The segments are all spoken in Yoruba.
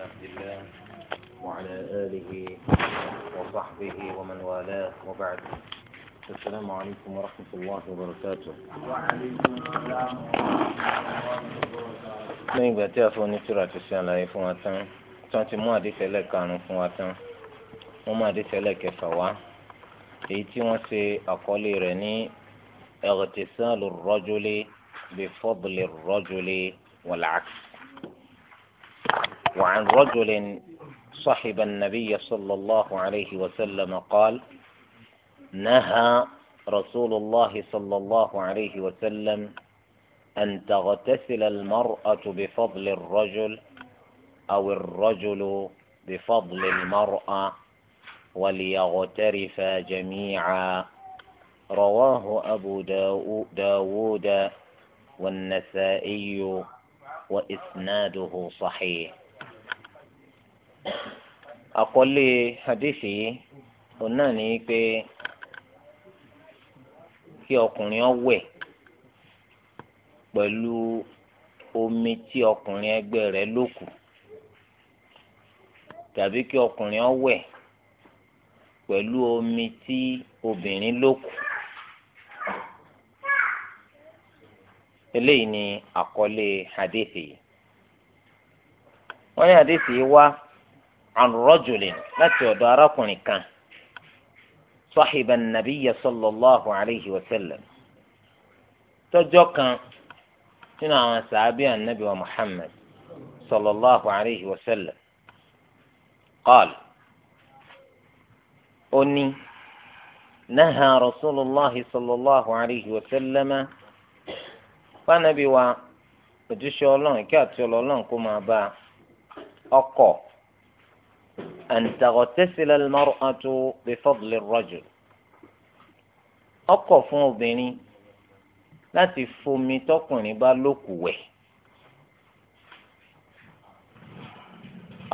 عبد الله وعلى آله وصحبه ومن والاه وبعد السلام عليكم ورحمة الله وبركاته لين بعدي أفو نتورا تسيان لاي فواتان تانتي مو عدي تلك كانو فواتان مو عدي تلك فوا ايتي واسي أقولي رني اغتسال الرجل بفضل الرجل والعكس وعن رجل صحب النبي صلى الله عليه وسلم قال نهى رسول الله صلى الله عليه وسلم أن تغتسل المرأة بفضل الرجل أو الرجل بفضل المرأة وليغترفا جميعا رواه أبو داود والنسائي وإسناده صحيح àkọlé hadith yìí òun náà ní pé kí ọkùnrin ọwẹ̀ pẹ̀lú omi tí ọkùnrin ẹgbẹ́ rẹ̀ lòkù tàbí kí ọkùnrin ọwẹ̀ pẹ̀lú omi tí obìnrin lòkù. eléyìí ni àkọlé hadithi yìí wọ́n ní hadithi yìí an rajulin láti ọ̀dọ̀ arákùnrin kan sahiba nabiyya sallallahu alayhi wa sallam tọjọ́ kan nínú àwọn sàábì anabi wa muhammad sallallahu alayhi wa sallam qaal ó ní naha rasulillahi sallallahu alayhi wa sallama fanabi wa ojúṣe ọlọ́run kí àti ọlọ́run kó máa bá ọkọ̀. أن تغتسل المرأة بفضل الرجل ọkọ fún obìnrin láti fomi tọkùnrin bá lókù wẹ̀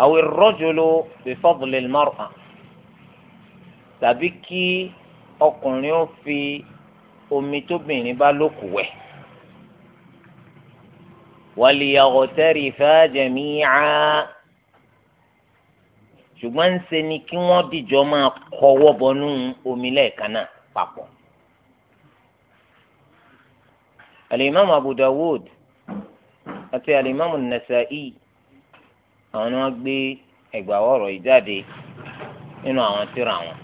àwọn الرجل بفضل المرأة tàbí kí ọkùnrin ó fi omi tóbìnrin bá lókù wẹ̀ وليغترفا جميعا ṣùgbọ́n ń ṣe ni kí wọ́n dìjọ máa kọwọ́ bọnú omi lẹ́ẹ̀kan náà papọ̀. alimami Abu Dawud àti alimami Nasa'i àwọn ni wọ́n gbé ẹgbàá ọ̀rọ̀ yìí nínú àwọn tírà wọn.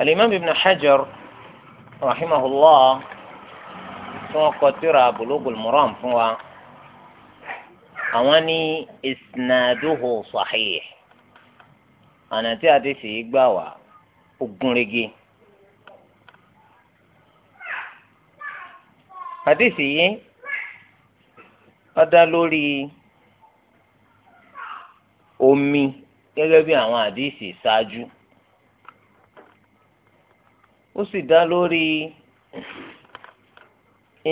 alimami Ibn Hajar rahimahullah tí wọ́n kọ tírà Bulugul Maram fún wa. àwọn ní isnaduhu sahih ọ̀nà tí àdìsí yìí gbà wá ó gúnrégé. yìí ó dá lórí omi gẹ́gẹ́ bí àwọn àdìsí ṣáájú ó sì dá lórí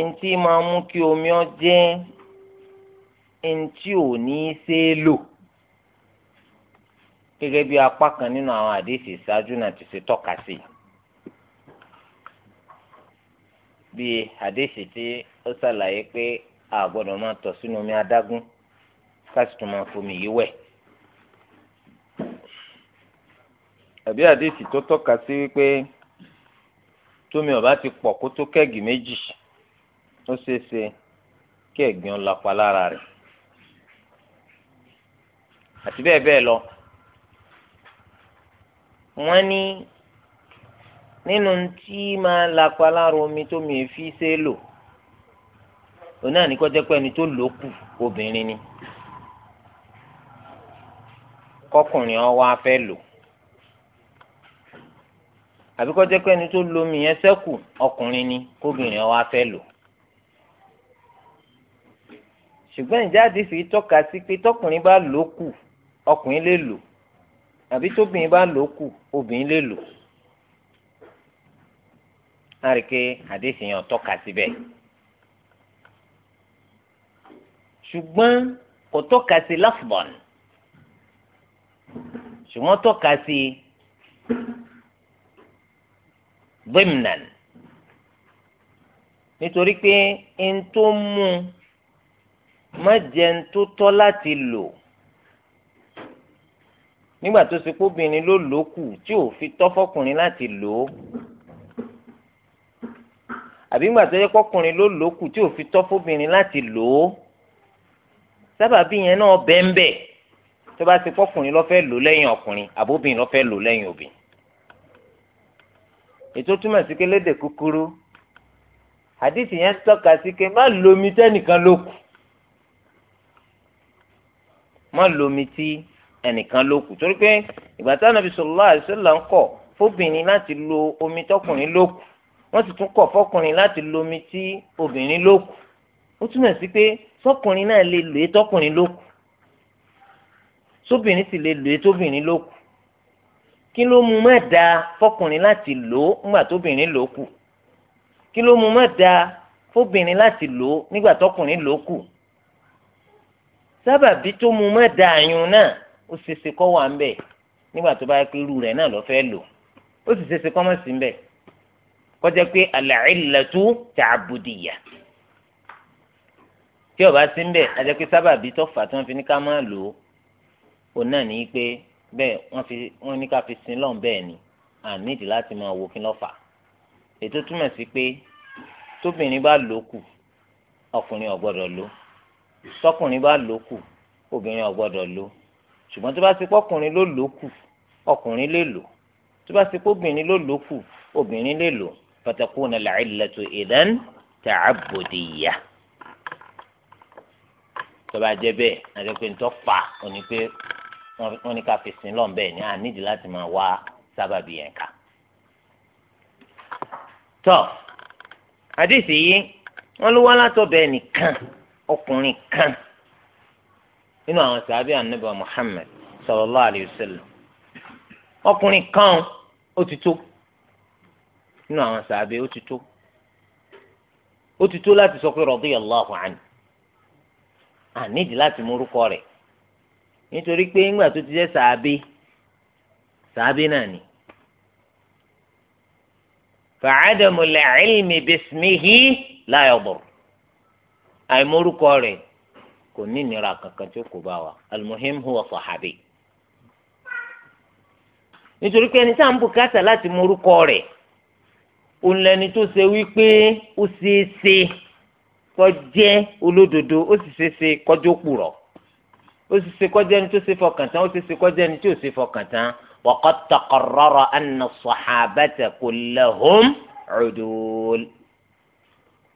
ntí máa mú kí omi ọ jẹ́ ntí ò ní í ṣe é lò gẹ́gẹ́ bí apá kan nínú àwọn àdéhìí ìṣáájú náà ti ṣe tọ́ka sí i bí àdéhìí tí ó ṣàlàyé pé a gbọ́dọ̀ máa tọ̀ sínú omi adágún ká sì máa fomi yìí wẹ̀. àbí àdéhìí tó tọ́ka sí wípé tómi ti pọ̀ kó tó méjì ó àti bẹ́ẹ̀ bẹ́ẹ̀ lọ. wọ́n ní nínú tí máa lapa lára omi tó mi fi ṣe lò òun náà ní kó pé ẹni tó lò kù obìnrin ni kọkùnrin ọ wá fẹ́ lò àbí kó jẹ́ pé ẹni tó lo omi yẹn ṣẹ́kù ọkùnrin ni kóbìnrin ọ wá fẹ́ lò ṣùgbọ́n ìjáde fi tọ́ka sí pé tọkùnrin bá lò kù ọkùnrin lè lò àbí tóbìnrin bá lò ó kù obìnrin lè lò á rí i pé àdéhùn yẹn tọ́ka síbẹ̀ ṣùgbọ́n kò tọ́ka sí lafbọ̀n ṣùgbọ́n tọ́ka sí gbẹ̀mìnàn nítorí pé n má jẹ́ n láti lò nígbà tó ṣe kóbìnrin ló lò kù tí ò fi tọ́ fọkùnrin láti lò ó àbí nígbà tó yẹ kọkùnrin ló lò kù tí ò fi tọ́ fọbìnrin láti lò ó sábàbí yẹn náà bẹ́ńbẹ́ tó bá ṣe kọkùnrin ló fẹ́ lò lẹ́yìn ọkùnrin àbóbìnrin ló fẹ́ lò lẹ́yìn obìnrin ètò túmọ̀ sí kélédè kúkúrú àdìsí yẹn tọ́ka sí ké má lomi tẹ́nìkan ló kù má lomi tí ẹnìkan ló kù torí pé ìgbà tí anabi sallallahu alaihi ń kọ̀ fóbìnrin láti lo omi tọkùnrin ló kù wọ́n sì tún kọ̀ fọkùnrin láti lo omi tí obìnrin ló kù ó túmọ̀ sí pé sọkùnrin náà lè lò é tọkùnrin ló kù sóbìnrin sì lè lò é tóbìnrin kí ló mú má da fọkùnrin láti lò ó nígbà tóbìnrin ló kù kí ló mú má da fóbìnrin láti lò ó nígbà tọkùnrin ló kù sábàbí tó mú má da àyùn náà ó ṣeéṣe kọ́ wà ń bẹ̀ nígbà tó bá yẹ pé irú rẹ̀ náà lọ́ fẹ́ lò ó sì ṣeéṣe kọ́ mọ̀ sí ń bẹ̀ kọjá pé al-illatu ta'budiyya tí ó bá sí ń bẹ̀ ajá pé sábàbí tó fà tí wọ́n fi ní ká máa lò ó náà ní pé bẹ́ẹ̀ wọ́n fi wọ́n ní ká fi sin lọ́n bẹ́ẹ̀ ni àníìdí láti máa wo kí ló ètò túmọ̀ sí pé tóbìnrin bá lò kù ọkùnrin ò lò tọkùnrin bá lò kù obìnrin ò lò ṣùgbọ́n tó bá ti pọ́kùnrin ló lò kù ọkùnrin lè lò tó bá ti pọ́bìnrin ló lò kù obìnrin lè lò fatakuna al-illatu idhan ta'abbudiyya tó bá jẹ́ bẹ́ẹ̀ àdéhùn tó pa òní pé wọ́n ní ká fi sin lọ́n bẹ́ẹ̀ ni àníjì láti máa wá sábàbí yẹn ká. tọ́ àdìsí yìí wọ́n ló wá látọ̀bẹ̀ nìkan ọkùnrin kan nínú àwọn sàbí ànábà Muhammad sallallahu alayhi wa sallam ọkùnrin kan ó ti tó nínú àwọn sàbí ó ti tó ó ti tó láti sọ pé radiyallahu anhu àníjì láti mú orúkọ rẹ̀ nítorí pé ńgbà tó ti jẹ́ sàbí sàbí náà ni fa'adamul ilmi bismihi la yadur àìmórúkọ rẹ̀ kò ní ìnira kankan tí ó kó bá wa almuhim huwa sahabi nítorí pé ẹni tá à ń bùkátà láti mọ orúkọ rẹ̀ òun lẹni tó ṣe wípé ó ṣeé ṣe kó jẹ́ olódodo ó sì ṣeé ṣe kó jẹ́ ó sì ṣe kó ẹni tó ṣe fọkàn ó sì ṣe kó ẹni tí ṣe fọkàn tán waqad taqarrara anna as-sahabata kullahum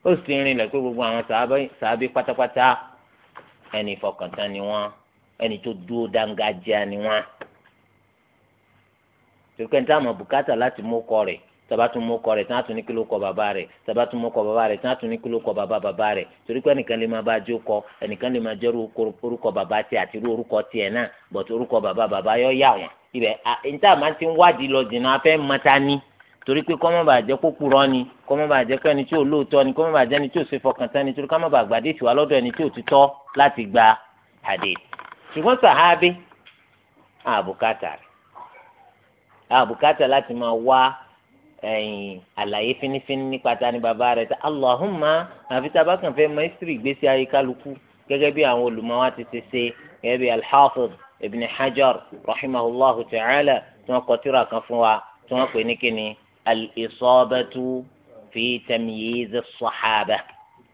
ó sì rìnlẹ̀ pé gbogbo àwọn sàábí pátápátá ẹni fọkàntán ni wọ́n ẹni tó dúró dángájíá ni wọ́n tòkè ní táwọn bùkátà láti mú kọ rẹ̀ tàbá tún mú kọ rẹ̀ tí wọ́n tún ní kí ló kọ bàbá rẹ̀ tàbá tún mú kọ bàbá rẹ̀ tí wọ́n tún ní kí ló kọ bàbá bàbá rẹ̀ torí pé ẹnìkan lè máa bá jó kọ ẹnìkan lè máa jẹ́rú orúkọ bàbá tiẹ̀ àti orúkọ tiẹ̀ náà bọ̀t orúkọ bàbá bàbá yọ yà wọ́n ibẹ̀ ní táwọn máa ti wádìí lọ jìnnà afẹ́ mọ́ta torí pé kọ́mọ́ bàá jẹ́ kókù rọ́ ni kọ́mọ́ bàá jẹ́ kẹ́ni tí ò lóòótọ́ ni kọ́mọ́ bàá jẹ́ ni tí ò ṣe fọkàn ni torí kọ́mọ́ bàá gbàdé ìtìwá lọ́dọ̀ ẹni tí ò ti tọ́ láti gba hadith ṣùgbọ́n sàhábé àbùkátà rẹ̀ àbùkátà láti máa wá ẹ̀yìn àlàyé fínífíní nípa ta ni bàbá rẹ̀ ta allahumma àfi tábà kàn fẹ́ mẹ́sírì gbèsè ayé kálukú gẹ́gẹ́ bí àwọn olùmọ̀ wa ti ṣe gẹ́gẹ́ bí ta'ala tí wọ́n kọ الإصابة في تمييز الصحابة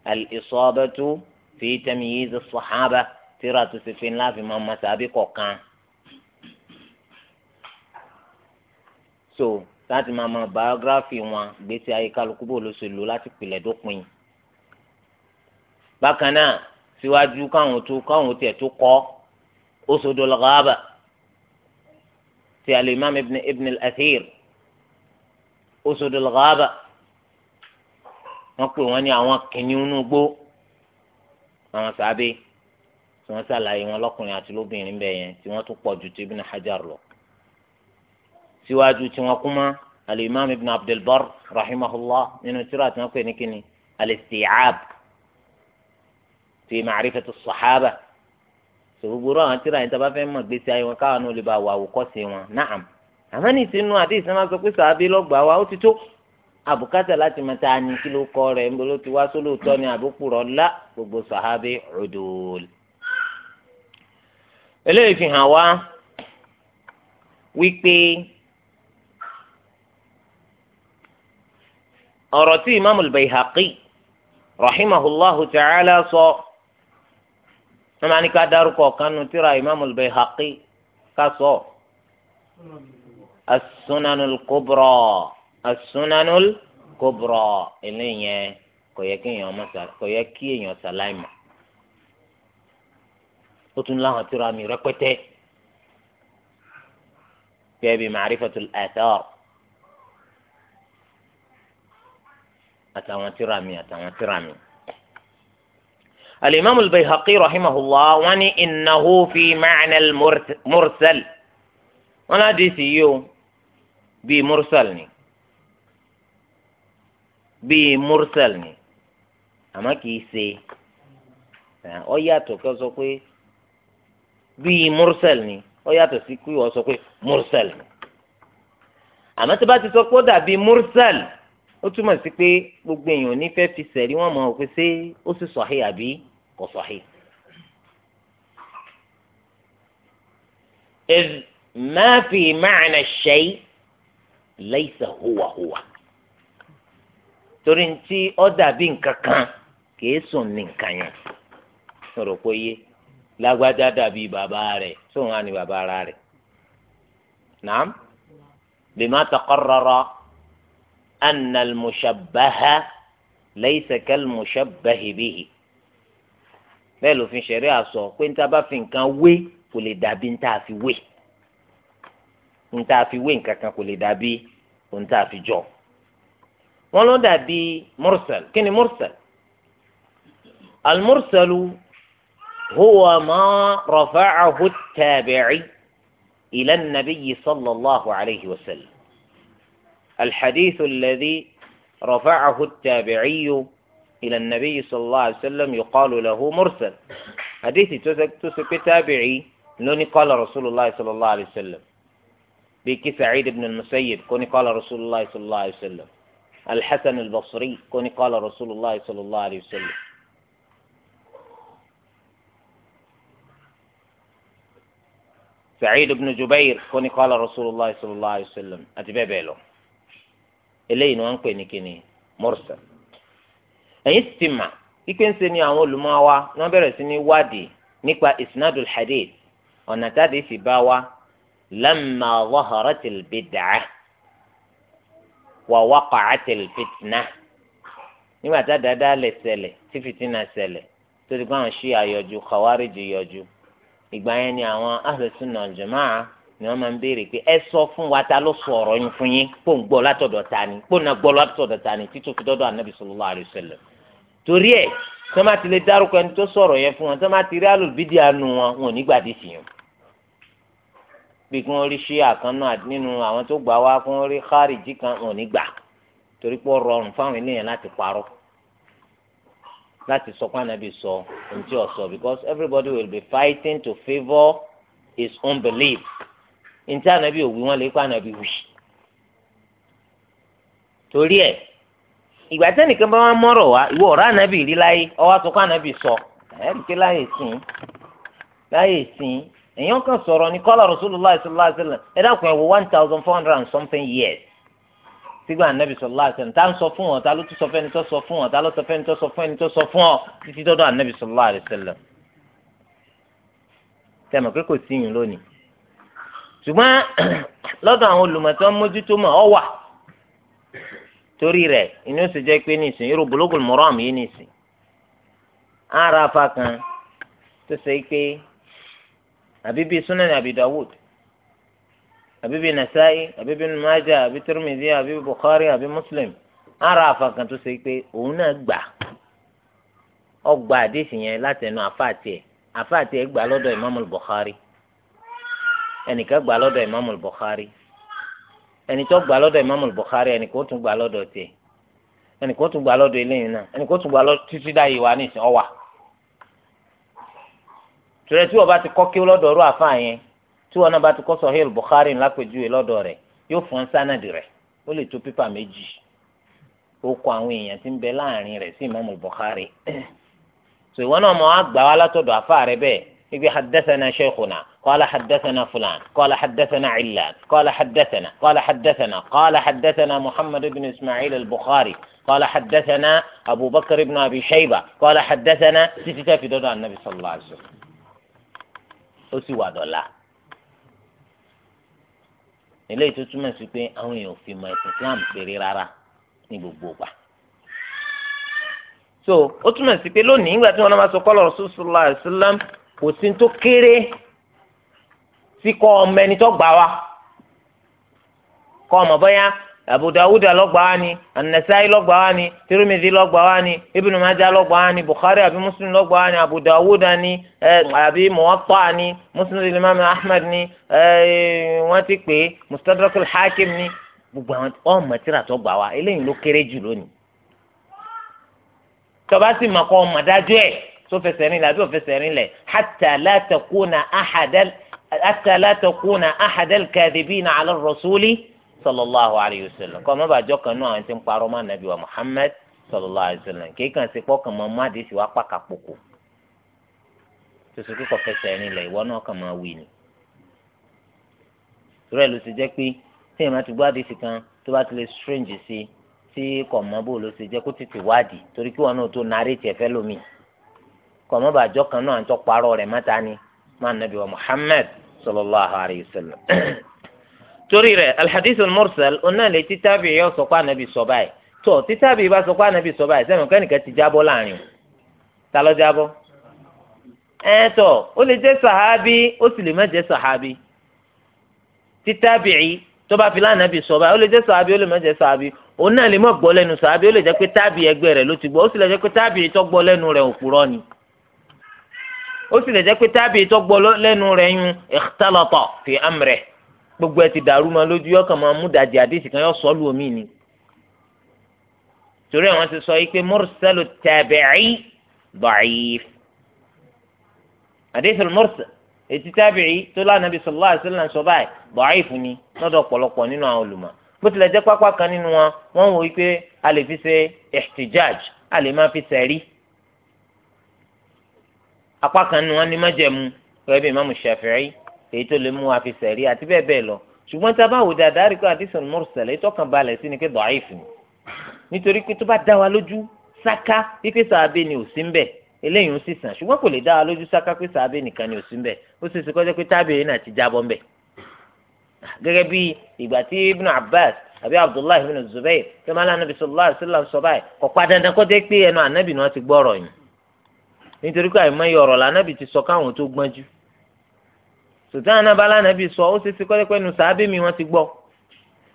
الإصابة في تمييز الصحابة ترى تسفين لا في مما سابق كان so láti máa mọ biography wọn gbèsè ayé kálukú bò ló ṣe lò láti pìlẹ̀ dópin bákan náà síwájú káwọn tó káwọn tiẹ̀ tó kọ́ ó sodò lọ́gàábà ti alimami ibn ibn al-athir osodul ghaba wọ́n pè wọ́n ní àwọn kìnìún gbó àwọn sábẹ́ tí wọ́n ṣàlàyé wọn lọ́kùnrin àti lóbìnrin bẹ́ẹ̀ yẹn tí wọ́n tún pọ̀ ju ti Ibn Hajar lọ síwájú tí wọ́n kú mọ́ alimami ibn abdulbar rahimahullah nínú tírà tí wọ́n pè ní kíni alisti'ab fi ma'rifatu sahaba sọ gbogbo àwọn tírà yẹn tí a bá fẹ́ mọ̀ gbèsè ayé káwọn ò lè wọn na'am àmọ́ ní ìsinú àti ìsinmi sọ pé sàábí lọ́gbàá wa ó ti tó àbùkátà láti máa ta ni kí ló kọ́ rẹ̀ ń bolo ti wá sólóòótọ́ ni àbúkùrọ̀ ńlá gbogbo sàábí udul. eléyìí fi hàn wá wípé ọ̀rọ̀ tí imaamu bayhaqi rahimahullahu ta'ala sọ wọn máa ní ká dárúkọ kanu tíra imaamu bayhaqi ká sọ. السنن الكبرى السنن الكبرى إلي كويكي يوم مسال كويكين يوم سلايم أتون لها ترامي ركوتي بأبي معرفة الآثار أتون ترامي أتون ترامي الإمام البيهقي رحمه الله وني إنه في معنى المرسل وأنا دي سي يو bíi mursal ni bíi mursal ni àmọ́ kìí ṣe ọ yàtọ̀ kí wọ́n sọ pé bíi mursal ni ọ yàtọ̀ sí kí wọ́n sọ pé mursal ni àmọ́ tí bá ti sọ pé ó dàbí mursal ó túmọ̀ sí pé gbogbo èèyàn nífẹ̀ẹ́ fi sẹ̀rí wọn mọ̀ pé ṣé ó sì sahih àbí kò sahih. إذ ما في معنى الشيء laisa huwa huwa torí ntí ọ dàbí nǹkan kan kìí sùn ní nǹkan yẹn sọ̀rọ̀ pé yé lágbájá dàbí bàbá rẹ̀ sóun á ní bàbá ara rẹ̀ nàám bima taqarrara anna al-mushabbaha laysa kal-mushabbahi bihi bẹ́ẹ̀ lófin ṣẹ̀rí àsọ pé níta bá fi nǹkan wé kò lè dàbí níta fi wé. ń tá a fi wé nǹkan kan kò lè dàbí ohun tá a fi jọ wọn ló dàbí mursal kí ni mursal almursalu huwa ma rafa'ahu at-tabi'i ila an-nabiy sallallahu alayhi wa sallam الحديث الذي رفعه التابعي إلى النبي صلى الله عليه وسلم يقال له مرسل حديث تسك تسك تابعي لوني قال رسول الله sallallahu alayhi wa sallam. بكي سعيد بن المسيب كوني قال رسول الله صلى الله عليه وسلم الحسن البصري كوني قال رسول الله صلى الله عليه وسلم سعيد بن جبير كوني قال رسول الله صلى الله عليه وسلم أتبع بيلو نوان كوني كيني مرسل أي sì ti سيني ike ń ṣe ni وادي olùmọ̀ إسناد الحديث ونتادي في باوا lamma zaharatil bid'ah wa waqa'atil fitnah nígbà tá dáadáa lè ṣẹlẹ̀ tí fìtínà ṣẹlẹ̀ tó ti gbọ́n ṣí àyọjú khawariji yọjú ìgbà yẹn ni àwọn ahlu sunna wal jamaa ni wọ́n máa ń béèrè pé ẹ sọ fún wa ta ló sọ ọ̀rọ̀ yín fún yín kó ń gbọ́ látọ̀dọ̀ ta ni kó ń gbọ́ látọ̀dọ̀ ta ni títún fi dọ́dọ̀ anabi sallallahu alaihi wasallam torí ẹ̀ sọ́mà ti lè dárúkọ ẹni tó sọ̀rọ̀ yẹn fún wọn sọ́mà ti rí alùbídìí àánú wọn wọn ò ní gbàdí fi hàn bí kí wọ́n rí ṣíà kan náà nínú àwọn tó gbà wá kí wọ́n rí kárìjì kan wọn ní gbà torí pé ó rọrùn fáwọn eléyàn láti parọ́ láti sọ pé ànábì sọ ohun tí ò sọ because everybody will be fighting to favour his own belief ntí ànábì òwì wọn lè kó ànábì wì torí ẹ ìgbà tẹ́ nìkan bá wọn mọ́rọ̀ wá ìwọ ọ̀rọ̀ ànábì rí láyé ọwọ́ àtúkọ́ ànábì sọ ẹ̀ẹ́dìkẹ́ láyé sìn láyé sìn èèyàn kan sọ̀rọ̀ ní kọ́lá rasulillah sallallahu alayhi wa sallam ẹ dákun ẹ wo one thousand four hundred and something years sígbà anabi sallallahu alayhi wa sallam tá ń sọ fún ọ ta ló tún sọ fẹ́ni tó sọ fún ọ ta ló sọ fẹ́ni tó sọ fún ẹni tó sọ fún ọ títí dọ́dọ̀ anabi sallallahu alayhi wa sallam tẹmọ pé kò sí yín lónìí ṣùgbọ́n lọ́dọ̀ àwọn olùmọ̀tọ́ mójútó mọ̀ ọ wà torí rẹ̀ inú sì jẹ́ pé nìsín irú bulugul maram yìí nìsín ara afa kan tó ṣe pé àbí bíi sunan àbí dawud àbí bíi nasa'i àbí bíi numaja àbí tirmidhi àbí bukhari àbí muslim ara àfàkàn tó ṣe pé òun náà gbà ọgbà àdéhùn yẹn látẹnu àfàtì ẹ àfàtì ẹ gbà lọ́dọ̀ imamul bukhari ẹnìkan gbà lọ́dọ̀ imamul bukhari ẹnì tó gbà lọ́dọ̀ imamul bukhari ẹnì kó tún gbà lọ́dọ̀ tiẹ̀ ẹnì kó tún gbà lọ́dọ̀ eléyìí náà ẹnì tún gbà lọ́dọ̀ títí dá yìí wá nísìnyí ọwà tìrẹ tí wọn bá ti kọ́ kí lọ́dọ̀ ọ̀rọ̀ àfa yẹn tí wọn náà bá ti kọ́ sọhíl bukhari lápèjúwe lọ́dọ̀ rẹ̀ yóò fún sánàdì rẹ̀ ó lè tó pépà méjì ó kọ àwọn èèyàn tí ń bẹ láàrin rẹ̀ sí ìmáàmù bukhari so ìwọ náà mọ àgbà wa látọ̀dọ̀ àfa rẹ̀ bẹ́ẹ̀ ibi hadathana sheikhuna qala hadathana fulan qala hadathana cilan qala hadathana qala hadathana qala hadathana muhammad ibn ismail al-bukhari قال حدثنا أبو بكر بن أبي شيبة قال حدثنا تتتا في دولة النبي صلى الله عليه وسلم ó sì wà dọ̀la eléyìí tó túmọ̀ sí pé àwọn èèyàn ò fi mọ ẹ̀sìn Islam péré rárá ní gbogbo ìgbà so ó túmọ̀ sí pé lónìí ìgbà tí wọn máa sọ kọ́lọ̀ sallallahu alaihi kò sí tó kéré sí kọ́ ọmọ ẹni tó gbà wá kọ́ ọmọ bọ́yá Abu Dawud lọ́gbà wá ni An-Nasa'i lọ́gbà wá ni Tirmidhi lọ́gbà wá ni Ibn Majah lọ́gbà wá ni Bukhari àbí Muslim lọ́gbà wá ni Abu Dawud ni àbí Muwatta ni Muslim Imam Ahmad ni wọ́n ti pè é Mustadrak al-Hakim ni gbogbo àwọn ọmọ tíra tó gbà wá eléyìí ló kéré jù lónìí. tọ́ba sì mọ̀ kọ́ ọmọ dájú ẹ̀ tó fẹsẹ̀ rìn lẹ̀ àbí òfẹsẹ̀ rìn lẹ̀ hatta la takuna ahadal hatta sallallahu alayhi wa sallam kọ́ kan náà àwọn tí ń parọ́ mọ́ anabi wa muhammad sallallahu alayhi wa sallam kì í kàn sí pọ́kàn mọ́ má dé sí wa pàkà pòkò tuntun kíkọ́ fẹsẹ̀ ẹni lẹ̀ ìwọ náà kàn máa wí ni. sùrẹ́ ló ti jẹ́ pé tí èèyàn ti gbọ́ àdìsí kan tó bá ti lè strange sí tí kọ̀mọ́ bò ló ti jẹ́ kó tètè wádìí torí kí wọn náà tó narrate ẹ̀fẹ́ lómi kọ̀mọ́ bàjọ́ kan náà àtọ́ parọ́ rẹ̀ mọ́ta ni má nàbí wa muhammad sallallahu alayhi wa torí rẹ̀ alhadith mursal ọ̀nà lè títàbí yọ sọ pé anabi sọ báyìí tó títàbí bá sọ pé anabi sọ báyìí sẹ́mi kẹ́nìkan ti jábọ́ láàrin ta ló jábọ́ ẹ tọ ó lè jẹ́ sàhábí ó sì lè má jẹ́ sàhábí títàbí yìí tó bá fi lánàbì sọ ó lè jẹ́ sàhábí ó lè má jẹ́ sàhábí òun lè mọ̀ gbọ́ lẹ́nu sàhábí ó lè jẹ́ pé tábì ẹgbẹ́ rẹ̀ ló ti gbọ́ ó sì lè jẹ́ pé tábì tó gbọ́ lẹ́nu rẹ̀ òpùrọ́ ni ó sì lè jẹ́ pé tábì tó gbọ́ lẹ́nu rẹ̀ yún ikhtalata fi amrih gbogbo ẹ ti dàrú ma lójú yọ kàn máa mú dàjì kan yọ sọ lù omi ni torí àwọn ti sọ yìí pé mursalu tabi'i da'if àdìsí mursal ètí tó sọ báyìí ni nínú àwọn olùmọ̀ bó tilẹ̀ jẹ́ pápá kan nínú wọn wọ́n wò a lè fi ṣe ihtijaj a lè máa fi sẹ̀rí apá kan ni bí èyí tó lè mú wa fi sẹ̀rí àti bẹ́ẹ̀ bẹ́ẹ̀ lọ ṣùgbọ́n tá a bá wò dáadáa rí i pé àdìsàn mọ́rùsẹ̀lẹ̀ ìtọ́kàn balẹ̀ sí ni pé dọ̀ọ́ìfù ni nítorí pé tó bá dá wa lójú sáká pípé sàábé ni ò sí ń bẹ̀ eléyìí ń sísàn ṣùgbọ́n kò lè dá wa lójú sáká pé sàábé nìkan ni ò sí ń bẹ̀ ó sì ṣe pé tábìlì náà ti jábọ́ ń bẹ̀. gẹ́gẹ́ bí ìgbà tí ibn abbas àbí abdullahi ibn zubair pé mọ́lá anabi sallallahu alayhi wa sallam sọ báyìí kò pa dandan kó jẹ́ pé ẹnu anabi ni wọ́n ti gbọ́ ọ̀rọ̀ yìí nítorí sùtàn náà bala nàbì sọ ó ṣe é ṣe kọ́lẹ́kọ́ ẹnu mi wọ́n ti gbọ́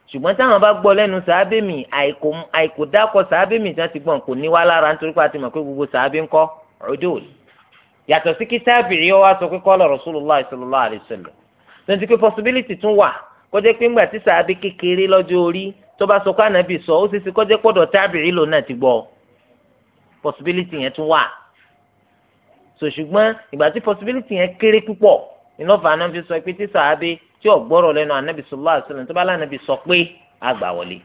ṣùgbọ́n táwọn bá gbọ́ lẹ́nu sàábé mi àìkò dákọ̀ sàábé mi tí wọ́n ti gbọ́ kò ní wá lára nítorí pé a ti mọ̀ pé gbogbo sàábé ńkọ́ ọdún yàtọ̀ sí kí tábìrì wá sọ pé kọ́lọ̀ Rasulullah sallallahu alaihi wasallam tẹ̀sí pé possibility tún wà kọjá pé ńgbà tí sàábé kékeré lọ́jọ́ orí tó bá sọ pé ànábì sọ ó ṣe é kọjá pọ̀dọ̀ tábìrì lò náà ti gbọ́ possibility yẹn tún wà so ṣùgbọ́n ìgbà tí possibility yẹn kéré púpọ̀ ìlọ́fà anábì sọ pé tí sàábé tí ò gbọ́rọ̀ lẹ́nu anábì sallallahu alaihi wasallam tó bá lánàbì sọ pé àgbà wọlé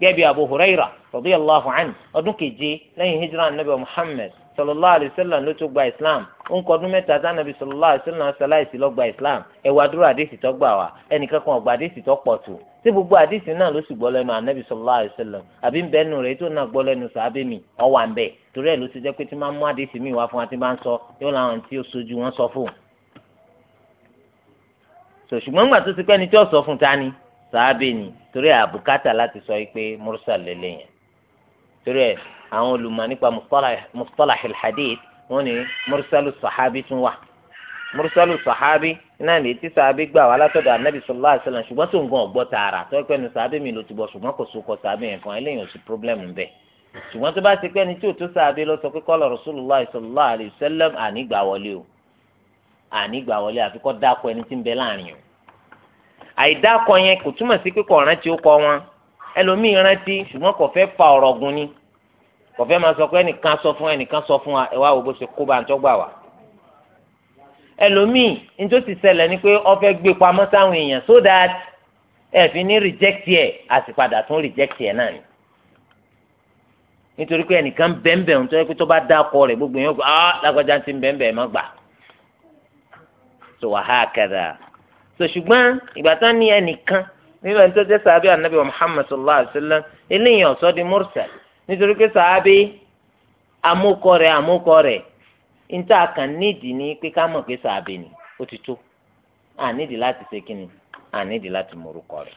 gẹ́gẹ́ bí abu huraira radiyallahu anhu ọdún keje lẹ́yìn hijra anábì muhammed sallallahu alaihi wasallam ló tó gba islam ó ń kọdún mẹ́ta tánàbì sallallahu alaihi wasallam sàláìsì lọ gba islam ẹ̀wà dúró àdéhìí tó gbà wá ẹnìkan kan ọ̀gbà àdéhìí tó pọ̀ tù tí gbogbo àdéhìí náà ló sì gbọ́ lẹ́nu anábì sallallahu alaihi wasallam àbí ń bẹ́ẹ̀ nù rẹ̀ tó náà gbọ́ lẹ́nu sàábẹ́ mi ọ̀wà ń bẹ̀ torí ẹ̀ ló ti jẹ́ pé tí máa mú àdéhìí mi wá fún wa tí máa ń sọ yóò láwọn tí ó sojú wọn sọ fóun so ṣùgbọ́n gbà tó ti pẹ́ ni tí ó sọ fún ta ni sàábì ni torí àbùkátà láti sọ pé mursal lélẹ̀ yẹn torí ẹ̀ àwọn olùmọ̀ nípa mustalahil hadith wọ́n ní mursalu sahabi tún wà mursalu sahabi náà lè ti sàábì gbà wá látọ̀dọ̀ anabi sallallahu alaihi wasallam ṣùgbọ́n tó ń gan ọ̀gbọ́ tààrà tó pẹ́ nu sàábì mi ló ti bọ̀ ṣùgbọ́n kò so sàábì yẹn fún eléyìí ò sí pírọ́blẹ́mù bẹ́ẹ̀ ṣùgbọ́n tó bá ti pẹ́ ni tí ò tó sàábì lọ sọ pé kọ́lọ̀ rasulullah sallallahu alaihi wasallam ànígbà wọlé o ànígbà wọlé àfi kọ́ dákọ ẹni tí ń bẹ láàrin o àìdákọ yẹn kò túmọ̀ sí pé kò rántí ó kọ wọn ẹlòmíì rántí ṣùgbọ́n kò fẹ́ fa ọ̀rọ̀ gun ni kò fẹ́ máa sọ pé ẹnìkan sọ fún ẹnìkan sọ fún wa ẹ wá wo bó ṣe kó bá ń tọ́gbà wá ẹlòmíì nítorí ti ṣẹlẹ̀ ni pé ó fẹ́ gbé pamọ́ sáwọn èèyàn so that ẹ fi ní reject ẹ àsìpadà tún reject ẹ náà ni nítorí pé ẹnìkan bẹ́ẹ̀ bẹ́ẹ̀ ń tọ́ pé tó bá dákọ rẹ̀ gbogbo yẹn ó gbà á ah, lágbájá ti ń bẹ́ẹ̀ bẹ́ẹ̀ má gbà á so wà ha kẹdà so ṣùgbọ́n ìgbà tán ní ẹnìkan nínú ẹni tó jẹ́ sàábì anabi muhammad sallallahu alayhi wa sallam eléyìí ọ̀sọ́ di mursal nítorí pé sàábì amókọ rẹ̀ amókọ rẹ̀ níta kan nídìí ní pé ká mọ̀ pé sàábì ni ó ti tó ànídìí láti ṣe kí ni ànídìí láti morúkọ rẹ̀.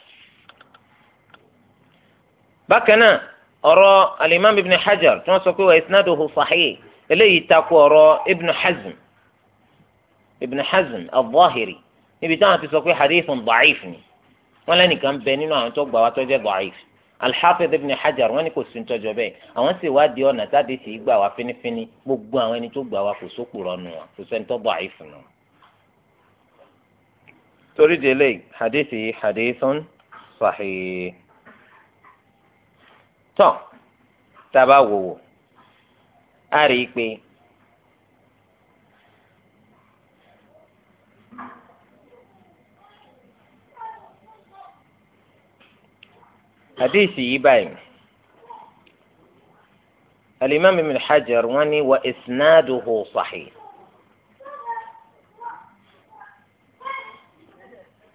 bákan náà ọ̀rọ̀ alimami ibn hajar tí wọ́n sọ pé wà isnaduhu sahih eléyìí takò ọ̀rọ̀ ibn hazm ibn hazm al-zahiri níbi táwọn ti sọ pé hadithun da'if ni wọn lẹ́nìkan bẹ nínú àwọn tó gbà wá tó jẹ́ da'if al-hafiz ibn hajar wọn ni kò sí tọjọ bẹ́ẹ̀ àwọn sì wádìí ọ̀nà táde sì gbà wá fínífíní gbogbo àwọn ẹni tó gbà wá kò sókù rọnu wọn kò sẹ́ni tó nù. torí délé hadith hadithun sahih tán tá a bá wò wò a rí i pé. hadisi yìí báyìí alimami ibn hajar wọ́n ní wa isnaduhu sahih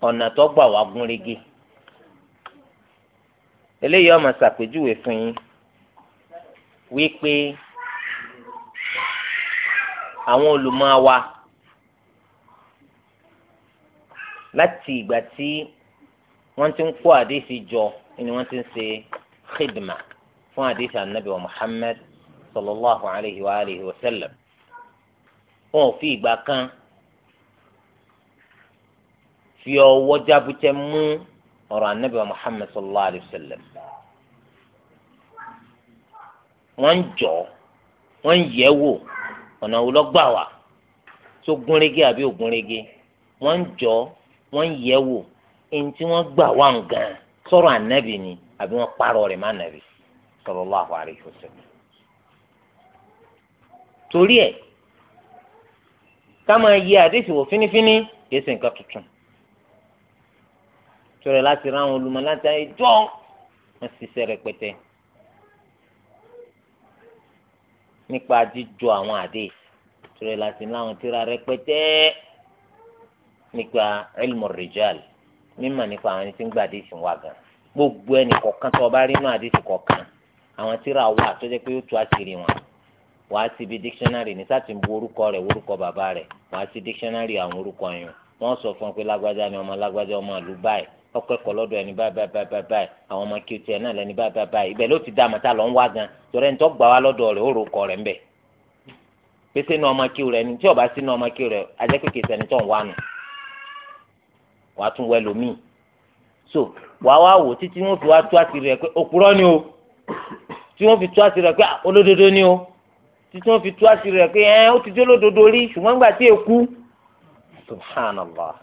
ọ̀nà tó gbà wá gúnrégé eléyìí ọmọ ṣàpèjúwe fún yín wípé àwọn olùmọ̀ wa láti ìgbà tí wọ́n ti ń kó àdéhìí jọ ni wọ́n ti ń ṣe khidma fún àdìsí anabi wa muhammad sallallahu alayhi wa alihi wa sallam wọn ò fi ìgbà kan fi ọwọ́ jábútẹ́ mú ọ̀rọ̀ anabi wa muhammad sallallahu alayhi wa sallam wọ́n ń jọ wọ́n ń yẹ̀ wò ọ̀nà wo lọ́gbà wá tó gúnrégé àbí ògúnrégé wọ́n jọ wọ́n ń wò ẹni tí wọ́n gbà wá ń gan sọ̀rọ̀ ànábì ni àbí wọ́n parọ́ rẹ̀ má nàbì sallallahu alaihi wasallam. torí ẹ̀ ká máa yẹ àdéhùn wò fínífíní kìí ṣe nǹkan tuntun sọ̀rọ̀ láti rán àwọn olùmọ̀ láti ayé jọ́ wọ́n ṣiṣẹ́ rẹpẹtẹ nípa jíjọ àwọn àdéhùn sọ̀rọ̀ láti rán tíra rẹpẹtẹ nípa ilmu rijal mímọ̀ nípa àwọn ẹni tí ń gba àdéhùn wa gan gbogbo ẹnì kọ̀ọ̀kan tó o bá rí inú àdéhùn kọ̀ọ̀kan àwọn tíra wà tó jẹ́ pé ó tú àṣírí wọn wà á ti bi dictionary ní sáà ti bu orúkọ rẹ̀ orúkọ bàbá rẹ̀ wà á ti dictionary àwọn orúkọ yẹn wọ́n sọ fún ọ pé lágbájá ni ọmọ lágbájá ọmọ àlù báyìí ọkọ ẹ̀kọ́ lọ́dọ̀ ẹni báyìí báyìí báyìí báyìí àwọn ọmọ kí o tiẹ̀ náà lẹni báyìí báyìí ibẹ̀ ni tí ọba wàá tún wẹ lómìn so wàá wá wò títí wọn fi wá tú àṣírí rẹ pé òpùrọ́ ni o tí wọn fi tú àṣírí rẹ pé ah, olódodo ni o títí wọn fi tú àṣírí rẹ pé ẹ ó ti dé olódodo rí ṣùgbọ́n gbà tí èkú subhanallah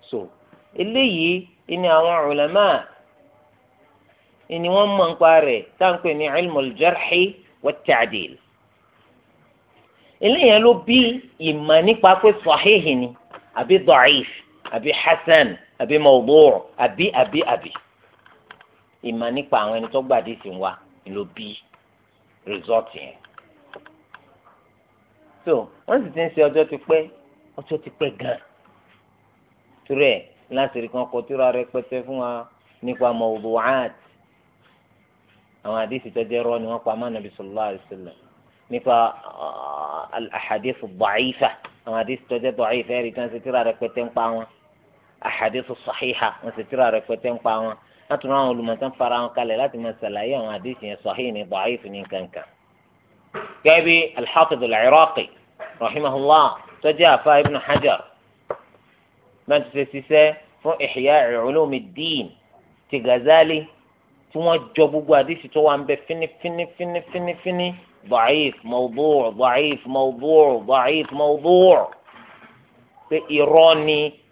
so eléyìí ni àwọn ulama ni wọ́n mọ̀ nípa rẹ̀ táǹpẹ̀ ní ilmul jarhi eléyìí ló bí ìmọ̀ nípa pé sọ̀híhì ni àbí da'if àbí hasan àbí mawdu' àbí àbí àbí ìmọ̀ nípa àwọn ẹni tó gbàdé sí wa ló bí rìsọ́ọ̀tì yẹn so wọ́n sì ti ń ṣe ọjọ́ ti pẹ́ ọjọ́ ti pẹ́ gan torí ẹ̀ láti rí kan kọ tíra rẹpẹtẹ fún wa nípa mawdu'at àwọn àdìsí tó jẹ́ rọ́ ni wọ́n pa má nàbí sallallahu alaihi wasallam nípa uh, al-ahadith ad-da'ifa àwọn àdìsí tó jẹ́ da'ifa ẹ̀rí kan ṣe tíra rẹpẹtẹ ń pa wọn àhàdísù sọ̀híhà wọ́n sì tíra rẹ̀ pẹ́tẹ́ ń pa wọn wọ́n tún àwọn olùmọ̀tán fara wọn kalẹ̀ láti máa ṣàlàyé àwọn àdìsí yẹn sọ̀híhì ní bọ̀ọ́yì fún ní kankan. gẹ́bí al-Hafiz al-Iraqi rahimahullah tọ́jú àfa ibn hajar náà ti ṣe ṣiṣẹ́ fún ihya dín ti gazali tí wọ́n jọ gbogbo àdìsí tó wà ń bẹ fínífínífínífínífíní ضعيف موضوع ضعيف موضوع ضعيف موضوع pé irọ́ ni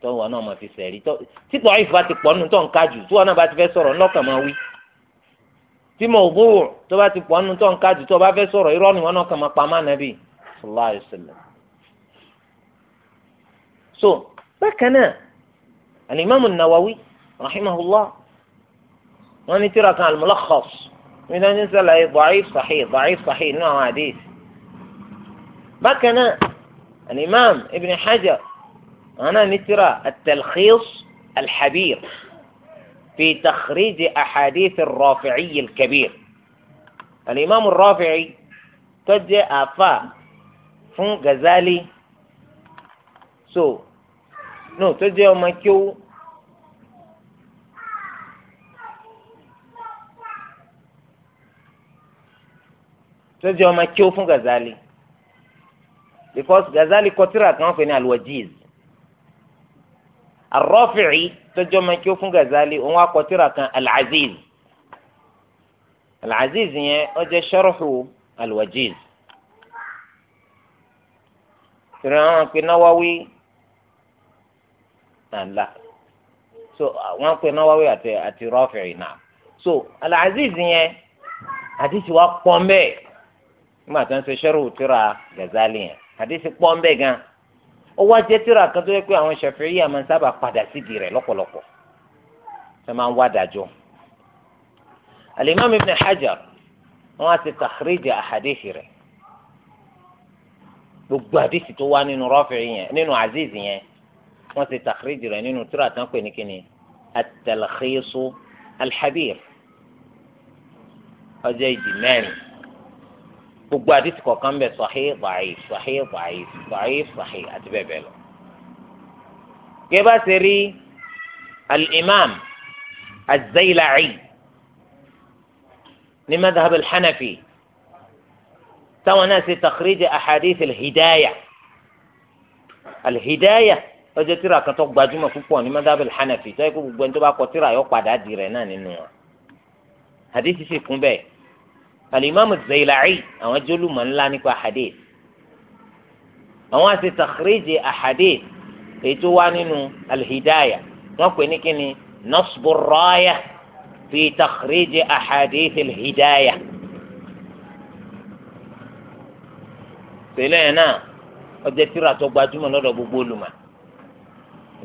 tó wọn náà mọ̀ fi sẹ̀rí tó títọ́ ìfà ti pọ̀ nù tó ń ká jù tí wọn náà bá ti fẹ́ sọ̀rọ̀ ńlọ́kàn máa wí tí mo bó wò tó bá ti pọ̀ nù tó ń ká jù tó bá fẹ́ sọ̀rọ̀ irọ́ ni wọn náà kàn máa pa má nàbì sallallahu alaihi wasallam. so bákan náà alimami nawawi rahimahullah wọn ní tíra kan al-mulakhas mi náà ní sàlàyé da'if sahih da'if nínú àwọn hadith أنا نترى التلخيص الحبير في تخريج أحاديث الرافعي الكبير الإمام الرافعي تجي أفا فن غزالي سو نو تجي ومكيو tọ́jú ọmọ kí ó fún because غزالي كثيرة كان فينا الوجيز arọ́fìrì tọjọ́ máa kí ofu fún Ghazali òun akọtìrà kan Al-Aziz Al-Aziz yẹn ó jẹ́ sharhu Al-Wajiz tìrẹ̀ wọn pe Nawawi nàlá so wọn pe Nawawi àti àti rọ́fìrì náà so Al-Aziz yẹn àdìsí wa pọ́n bẹ́ẹ̀ nígbà tó ń ṣe sharhu tìrà Ghazali yẹn àdìsí pọ́n gan ó wá jẹ́ tíra kan tó yẹ pé àwọn Ṣàfi'í àmọ́ sábà padà sídìí rẹ̀ lọ́pọ̀lọpọ̀ ṣe máa ń wá dájọ́ Al-Imam Ibn Hajar wọ́n á ti tàkìrìjà àhàdéṣì rẹ̀ gbogbo àdéṣì tó wá nínú Rafi'i yẹn nínú Aziz yẹn wọ́n ti tàkìrìjì rẹ̀ nínú tíra tán pè ní kíni At-Talkhis Al-Habir ọjọ́ gbogbo àdìsí kọ̀ọ̀kan bẹ̀ sahih da'if sahih da'if da'if sahih àti bẹ́ẹ̀ bẹ́ẹ̀ lọ. gẹ́gẹ́ bá ṣe rí al-imam az-Zayla'i ní madhhab al-Hanafi táwọn náà ṣe takhrij ahadith al-hidaya al-hidaya ọjọ́ tíra kan tó gbajúmọ̀ púpọ̀ ní madhhab al-Hanafi tó yẹ kó gbogbo ẹni tó bá kọ tíra yọ padà di rẹ̀ náà nínú wọn àdìsí sì kún bẹ́ẹ̀ alimami zaylaci àwọn jólùmọ̀ ńlá nípa hadith àwọn àti takhriji ahadith ètò wa nínú alhidaya wọn pè ní kíni nasbu raya fi takhriji ahadith alhidaya tẹ́lẹ̀ náà ọjọ́ tíra tó gbajúmọ̀ lọ́dọ̀ gbogbo olùmọ̀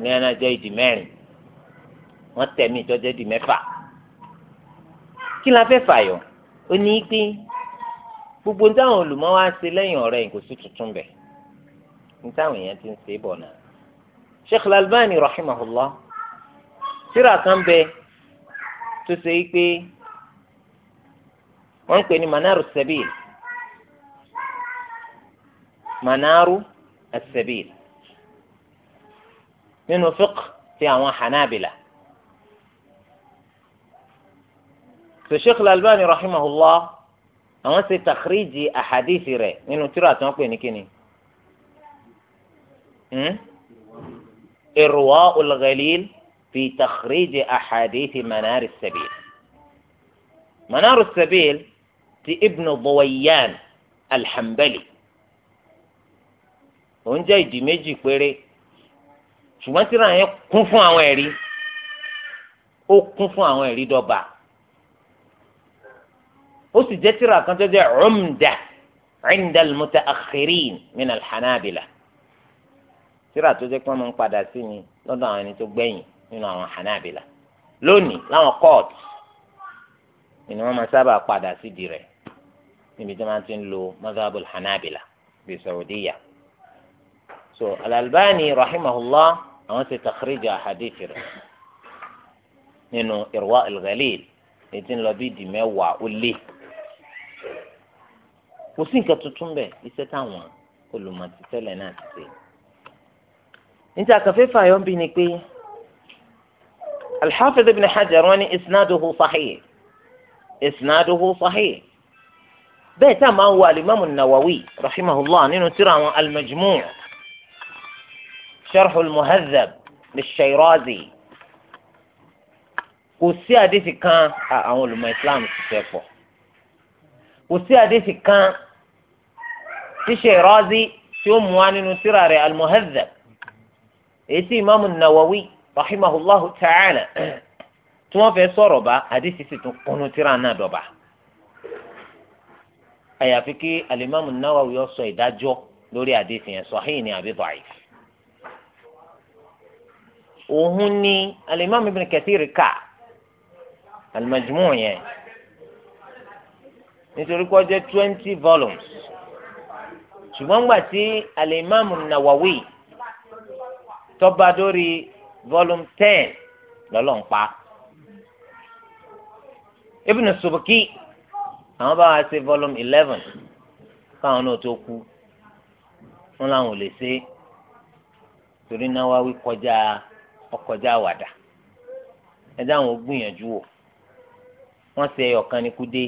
ní ẹ̀ náà jẹ́ ìdí mẹ́rin wọ́n tẹ̀ mí ìjọ́jẹ́ di mẹ́fà kí la fẹ́ fàyọ̀ ó ní pé gbogbo táwọn olùmọ̀ wá ṣe lẹ́yìn ọ̀rẹ́ yìí kò sí tuntun bẹ̀ ní táwọn èèyàn ti ń ṣe bọ̀ náà Sheikh Al-Albani rahimahullah kan bẹ tó ṣe pé wọ́n pè ní manaru sabil manaru as nínú fiqh ti àwọn hanabila. so sheikh al-albani rahimahullah àwọn ṣe takhriji ahadisi rẹ̀ nínú tírà tí wọ́n pè ní kíni hmm? irwa ul-ghalil fi takhriji ahadisi manari sabil manari sabil ti ibnu buwayyan alhambali òun jẹ́ ìdí méjì péré ṣùgbọ́n tírà yẹn kún fún àwọn ẹ̀rí ó kún fún àwọn ẹ̀rí dọ́ba. ó sì jẹ́ tírà kan tó jẹ́ ọ̀mdà inda al-mutaakhirin min al-hanabila tírà tó jẹ́ pé wọ́n máa ń padà sí ni lọ́dọ̀ àwọn ẹni tó gbẹ̀yìn nínú àwọn hanabila lónìí pe won kóòtù ni wọ́n máa sábà padà sí di rẹ̀ níbi tí wọ́n ti ń lo mazhabul hanabila bíi saudiya so al-albani àwọn ti takhrija ahadith rẹ̀ nínú irwa al-ghalil ètí ń lọ bí di mẹ́wàá ó lé. kò sí nǹkan tuntun bẹ́ẹ̀ iṣẹ́ táwọn olùmọ̀títẹ́lẹ̀ náà ti ṣe. níta kàfé fàyọ̀ bí ni pé al-Hafiz ibn Hajar wọn ni isnaduhu sahih isnaduhu sahih bẹ́ẹ̀ tá a máa ń wo alimami nawawi rahimahullah nínú tírà àwọn sharhul muhazab ní shayrazi ko sí àdéhìí kan àwọn olùmọ̀ islam ti fẹ́ pọ̀ kò sí àdéhìí kan ṣíṣe ìrọ́zí tí ó mú wa nínú tírà rẹ̀ al-Muhadhab èyí tí ìmáàmù Nawawi rahimahullahu ta'ala tí wọ́n fẹ́ sọ̀rọ̀ bá àdìsí sì tún kúnnú tírà náà dọ̀bà àyàfi kí alimami Nawawi yọ sọ ìdájọ́ lórí àdìsí yẹn sahih ni àbí òhun ni alimami Ibn Kathir ká al yẹn nítorí kó jẹ́ twenty volumes ṣùgbọ́n gbà tí alimami nawawi tọ́ba dórí volume ten lọ́lọ́ ń pa ibùdó sọ̀bùkì àwọn bá wa ṣe volume eleven káwọn náà tó kú wọn làwọn ò lè ṣe torí nawawi kọjá ọkọjá àwàdà ẹjẹ àwọn ò gbìyànjú o wọn ṣe ẹyọ kan ní kúdé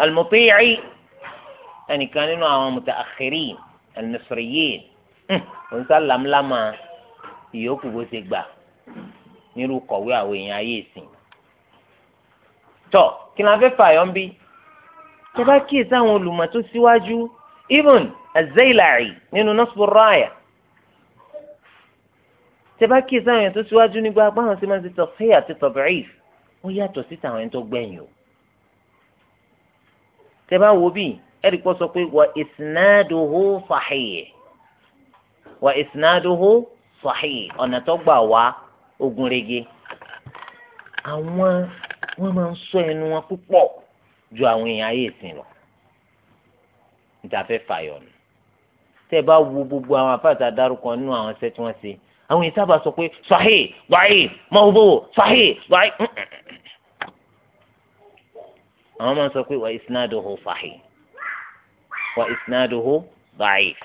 alimọ̀pẹ́yàí ẹnìkan nínú àwọn mutaakhirin al-misriyin hmm, ò ń sálàmlámà ìyókù bó ṣe gbà nírú kọ̀wé àwọn èèyàn ayé ìsìn. tọ́ kí ni a fẹ́ fà yọ ń bí tó bá kíyèsí àwọn olùmọ̀ tó síwájú ibn az-Zaylai nínú Nasbur Raya tẹ́ bá àwọn èèyàn tó síwájú nígbà agbáhùn sí máa ń ṣe tọ̀fẹ́ àti tọ̀bẹ̀rẹ̀ wọ́n yàtọ̀ síta àwọn ẹni tó gbẹ̀yìn o tẹ́ wo bíi ẹ̀rí kọ́ sọ pé wà ìsìnàdùhù fàáyè wà ìsìnàdùhù fàáyè ọ̀nà tó gbà wá ogun rege àwọn wọn máa ń sọ ẹnu wọn púpọ̀ ju àwọn èèyàn ayé ìsìn lọ ìtafẹ́ fàyọ̀ nù tẹ́ ẹ bá wo gbogbo àwọn àfáàtà dárúkọ nínú àwọn ẹsẹ̀ tí wọ́n ṣe àwọn èèyàn sábà sọ pé sahih da'if mawdu sahih da'if àwọn máa ń sọ pé wà ìsìnàdùhù fàáyè. وإسناده ضعيف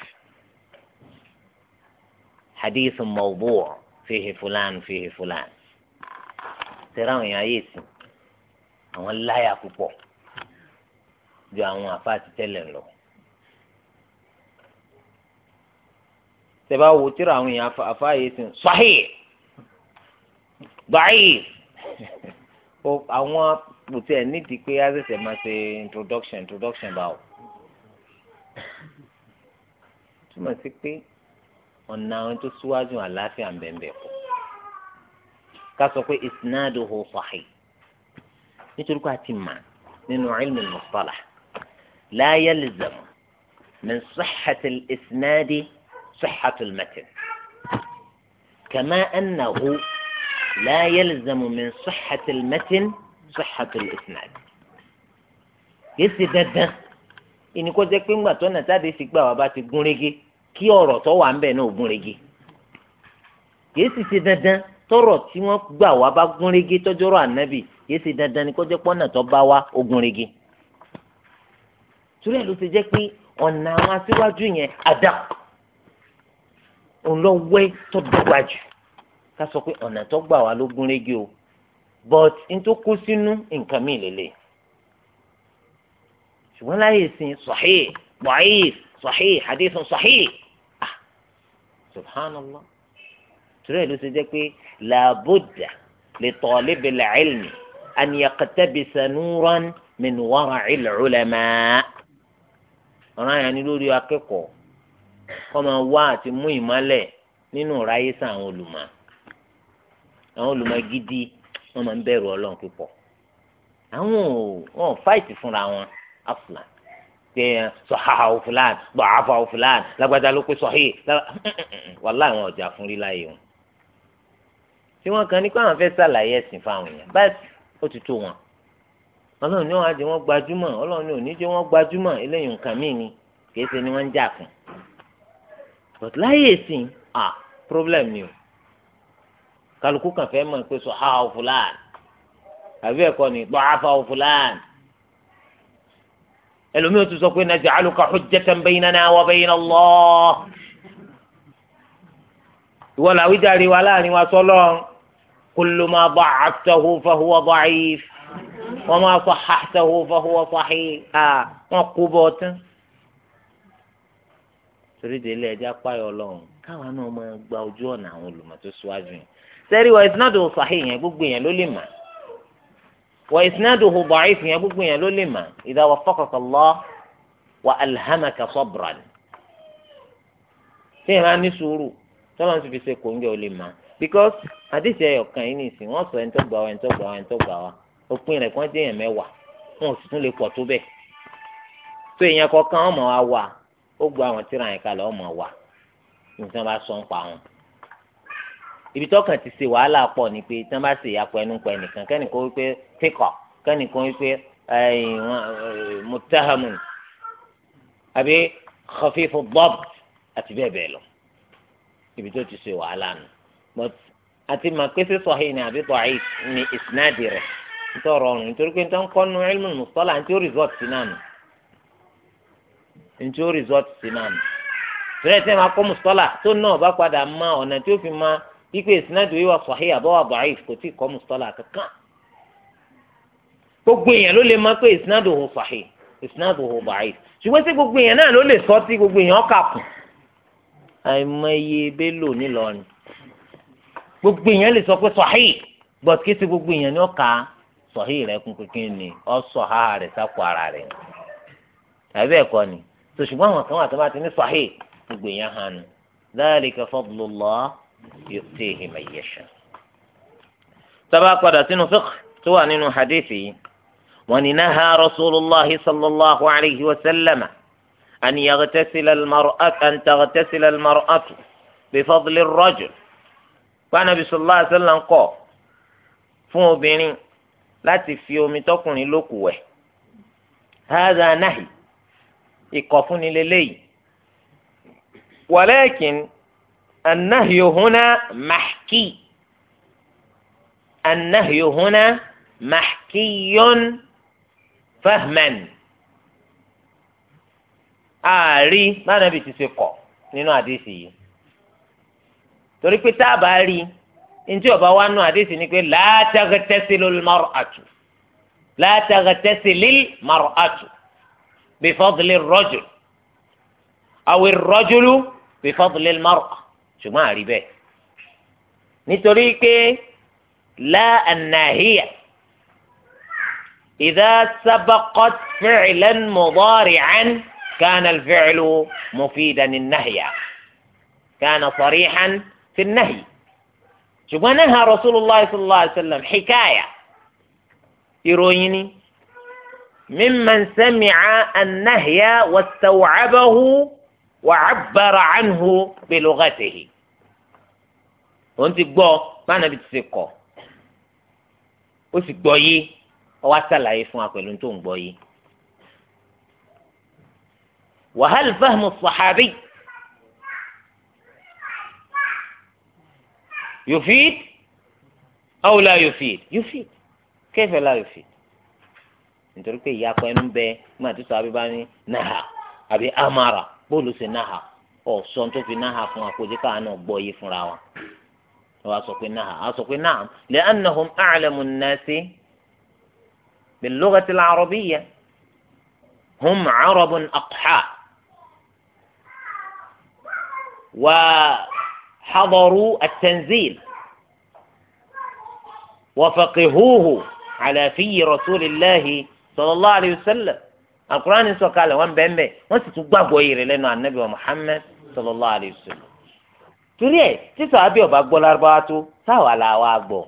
حديث موضوع فيه فلان فيه فلان تراهم يا يسن àwọn láyà púpọ̀ ju àwọn àfáàtì tẹ́lẹ̀ lọ. tẹ́bá wo tíra àwọn èèyàn àfáàyè sí sahih da'if àwọn kò tiẹ̀ nídìí pé á ṣẹ̀ṣẹ̀ máa ṣe introduction introduction báwo. túmọ̀ sí pé ọ̀nà àwọn tó síwájú àlàáfíà ń bẹ̀ẹ̀ pọ̀ ká sọ pé ìsínádò hó sahih nítorí pé a ti mà nínú ilmu mustalah la yalzam min sihhati al-isnadi sihhatu al-matn kama annahu la yalzam min sihhati al-matn sihhatu al-isnad yìí ti dandan ìníkọ́jẹ́ pé ńgbà tó nà tá a táde fi gbà wá bá ti gún régé. kí ọrọ tó wà ń bẹ̀ náà gúnrégé kìí sì ṣe dandan tọrọ tí wọn gbà wá bá gúnrégé tọjọrọ ànábì kìí ṣe dandan ni kọjá pọnà tó bá wá ogúnrégé. gúnrégé torí ẹ̀ ló ti jẹ́ pé ọ̀nà àwọn aṣíwájú yẹn àdá òǹlọ́wẹ́ tó dọ́gba jù ká sọ pé ọ̀nà tó gbà wá ló gúnrégé o but n tó kó sínú nǹkan mi lélẹ̀ ṣùgbọ́n láyé sìn sọ̀hí bọ̀ọ́yìí. sahih hadith sahih ah subhanallah ture ló ṣe jẹ́ pé làbúdà li talibil ilmi an yaqtabisa nuran min wara'il ulama ọ̀ràn yẹn ni lórí akẹ́kọ̀ọ́ kọ́ máa wá àti mú ìmọ́lẹ̀ nínú ìráyé sàn àwọn olùmọ̀ àwọn olùmọ̀ gidi wọ́n máa ń bẹ̀rù ọlọ́run púpọ̀ àwọn ò fáìtì fúnra wọn afúlàn pé sọ̀háhà òfúlàn gbọ̀háfà òfúlàn lágbàdá ló pé sọ̀hí wàláhì àwọn ọ̀jà fún líla yìí wọn. tí wọ́n kàn ní pé àwọn fẹ́ sàlàyé ẹ̀sìn fáwọn èèyàn báyìí ó ti tó wọn. ọlọ́run ní wọ́n á jẹ́ wọ́n gbajúmọ̀ ọlọ́run ní òní jẹ́ wọ́n gbajúmọ̀ eléyìí nǹkan míì ni kì ṣe ni wọ́n ń jà fún. but láyé ẹ̀sìn à problem ni o kálukú kàn fẹ́ mọ̀ pé sọ̀háhà òfúlàn àbí ẹlòmíì tún sọ pé naj'aluka hujjatan baynana wa bayna Allah ìwọ làwí jàre wa láàrin wa sọlọ kullu ma da'aftahu fahuwa da'if wa ma sahhahtahu fahuwa sahih à wọn kú bọ tán torí délé ẹjẹ apáyọ Ọlọ́run káwọn náà máa gba ojú ọ̀nà àwọn olùmọ̀ síwájú yẹn sẹ́rí wa ìsínádùn sàhíì yẹn gbogbo yẹn ló lè mà wa isnaduhu da'if yẹn gbogbo yẹn ló lè mà idha waffaqaka Allah wa alhamaka sabran tí yẹn fi because àdìsí ẹ̀yọ̀ kan yìí nìsín wọ́n sọ ẹni tó gbà wá ẹni tó gbà wá ẹni tó gbà tó èèyàn kọ̀ọ̀kan ọmọ wa wà ó gbọ́ àwọn tíra yẹn kalẹ̀ ọmọ wa bá pa ibi tọkàn ti ṣe wàhálà pọ̀ ni pé tí wọ́n bá ṣe ìyàpọ̀ ẹnu pẹ̀ nìkan kẹ́nìkan wípé fíkọ̀ kẹ́nìkan wípé eh, mutahamun àbí khafifu dabt àti bẹ́ẹ̀ bẹ́ẹ̀ lọ ibi tó ti ṣe wàhálà nù but àti mà pé ni àbí da'if ni ìsínádì rẹ̀ nítorí ọ̀rùn nítorí pé nítorí kọ́ nu ilmu mustalah ó resort sí náà nù nítorí ó resort sí náà nù tẹ́lẹ̀ tẹ́lẹ̀ máa kọ́ mustalah tó náà bá padà mọ ọ̀nà tí ó fi máa. wípé ìsìnàdù yìí wà sahih àbọ̀wà da'if kò tí ì kọ́ kankan gbogbo èèyàn ló lè máa pé ìsìnàdù hù sahih ìsìnàdù hù da'if ṣùgbọ́n sí gbogbo èèyàn náà ló lè sọ tí gbogbo èèyàn kà kù àìmọye bélò nílọrin gbogbo èèyàn lè sọ pé but kí ti gbogbo ni ó kà sahih rẹ̀ ni ha rẹ̀ sápò ara يؤتيه من يشاء تبا قد فقه توا حديثي وننهى رسول الله صلى الله عليه وسلم أن يغتسل المرأة أن تغتسل المرأة بفضل الرجل فالنبي صلى الله عليه وسلم قال فو بيني لا تفيومي متكوني لوكوه هذا نهي يقفني للي ولكن النهي هنا محكي النهي هنا محكي فهما ààrí bánàbí ti ṣe kọ nínú àdéhìí yìí torí pé tá a bá rí ntí ọba wa nù àdéhìí ni pé látàgẹtẹsí lil mar'atu látàgẹtẹsí lil mar'atu bifadli rajul awi rajulu bifadli al mar'a. ṣùgbọ́n àrí bẹ́ẹ̀ nítorí pé la annahiya idha sabaqat fi'lan án kana al-fi'lu mufidan an-nahya kana sarihan fi an-nahy ṣùgbọ́n naha rasulillah sallallahu alayhi wa sallam xikáyà ìròyìn ni mimman sami'a an-nahya wastaw'abahu. وعبر عنه بلغته òun ti gbọ́ báńdàbí ti ṣe kọ̀ ó sì gbọ́ yé ó wá ṣàlàyé fún wa pẹ̀lú tó ń gbọ́ yé. وهل فهم الصحابي يفيد أو لا يفيد يفيد كيف لا يفيد nítorí pé ìyá pẹ́ẹ́nu bẹ́ẹ̀ máa tó sọ abíbá ní nàá àbí amara. bóòlù sí náà ọ̀sọ́ tó fi náà fún wa kó jẹ́ káwọn náà gbọ́ yìí fúnra wa wa sọ pé náà a sọ pé náà lè li'annahum a'lamu an bí bil-lughati al-'arabiyya hum 'arabun aqha wa hadaru at-tanzil wa faqihuhu 'ala fiyyi rasulillahi sallallahu alaihi wa sallam. alukurani sọ̀kalẹ̀ wọn bẹ́ẹ̀ bẹ́ẹ̀ wọ́n sì tún gbàgbọ́ yìí rẹ̀ lẹ́nu anabi wa muhammed sallallahu alayhi wa sallam torí ẹ̀ tí sàábì ọba gbọ́ lárúbáwá tó sáwà là wà gbọ́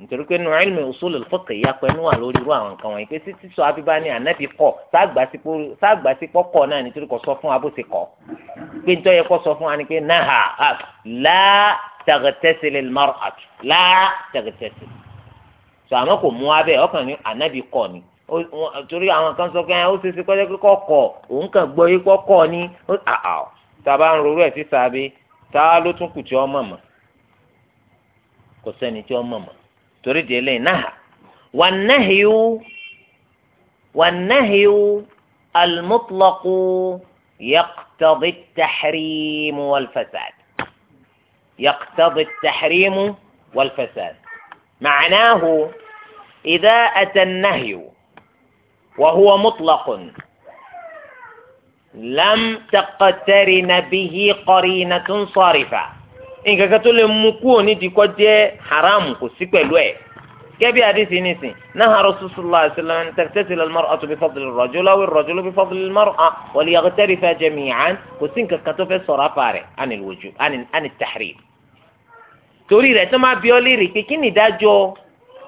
nítorí pé nínú ilmi usul al-fiqh ìyapẹ́ ní wà lórí irú àwọn nǹkan wọ̀nyí pé títí sọ abíbá ní ànábì kọ sáàgbàsípọ̀ kọ náà nítorí kò sọ fún wa bó kọ pé nítorí yẹ kó sọ fún wa ni pé náà la taghtasil al-mar'atu la taghtasil tó àmọ́ kò mú abẹ ọkàn ní ànábì kọ ni torí àwọn kan sọ pé ó ṣe ṣe kọ́jọ́ kíkọ́ kọ òun kàn gbọ́ yí kọ́ kọ́ ni tàbá ń rorú ẹ̀ sí sàbí tá ló tún kù tí ọmọ mọ̀ kò sẹ́ni tí ọmọ mọ̀ torí di eléyìí náà wà náhìú wà náhìú almutlaqu yaqtadi tahrimu wal fasad yaqtadi معناه إذا أتى النهي وهو مطلق لم تقترن به قرينة صارفة إنك كتول مكون دي كود حرام كسيكو الوي كيف يعني نسي نهى رسول صلى الله عليه وسلم أن تغتسل المرأة بفضل الرجل أو الرجل بفضل المرأة وليغترف جميعا كسينك كتوف الصرافة عن الوجوب عن التحريم torí rẹ̀ tó máa bí ọ léèrè pé kí ni ìdájọ́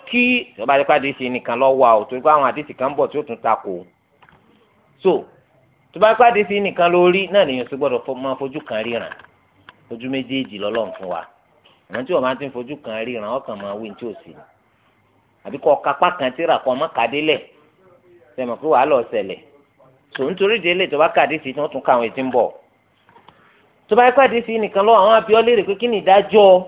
kí ìjọba àdìpá àdìsí nìkan lọ wà ó torí pé àwọn àdìsí kan bọ̀ tí ó tún takò so tó bá pàdé sí nìkan ló rí náà nìyẹn sì gbọ́dọ̀ máa fojú kan ríran ojú méjèèjì lọ́lọ́run fún wa àwọn tí wọn máa ti ń fojú kan ríran ọkàn máa wí ní tí ò sí àbí kọ kápá kan tí ra kọ ọmọ kàdélẹ̀ sẹmọ pé wàá lọ ṣẹlẹ̀ tò nítorí délé tó bá kàdé sí tí wọn tún ká ètí ń bọ̀ tó bá pàdé sí nìkan lọ àwọn abiọ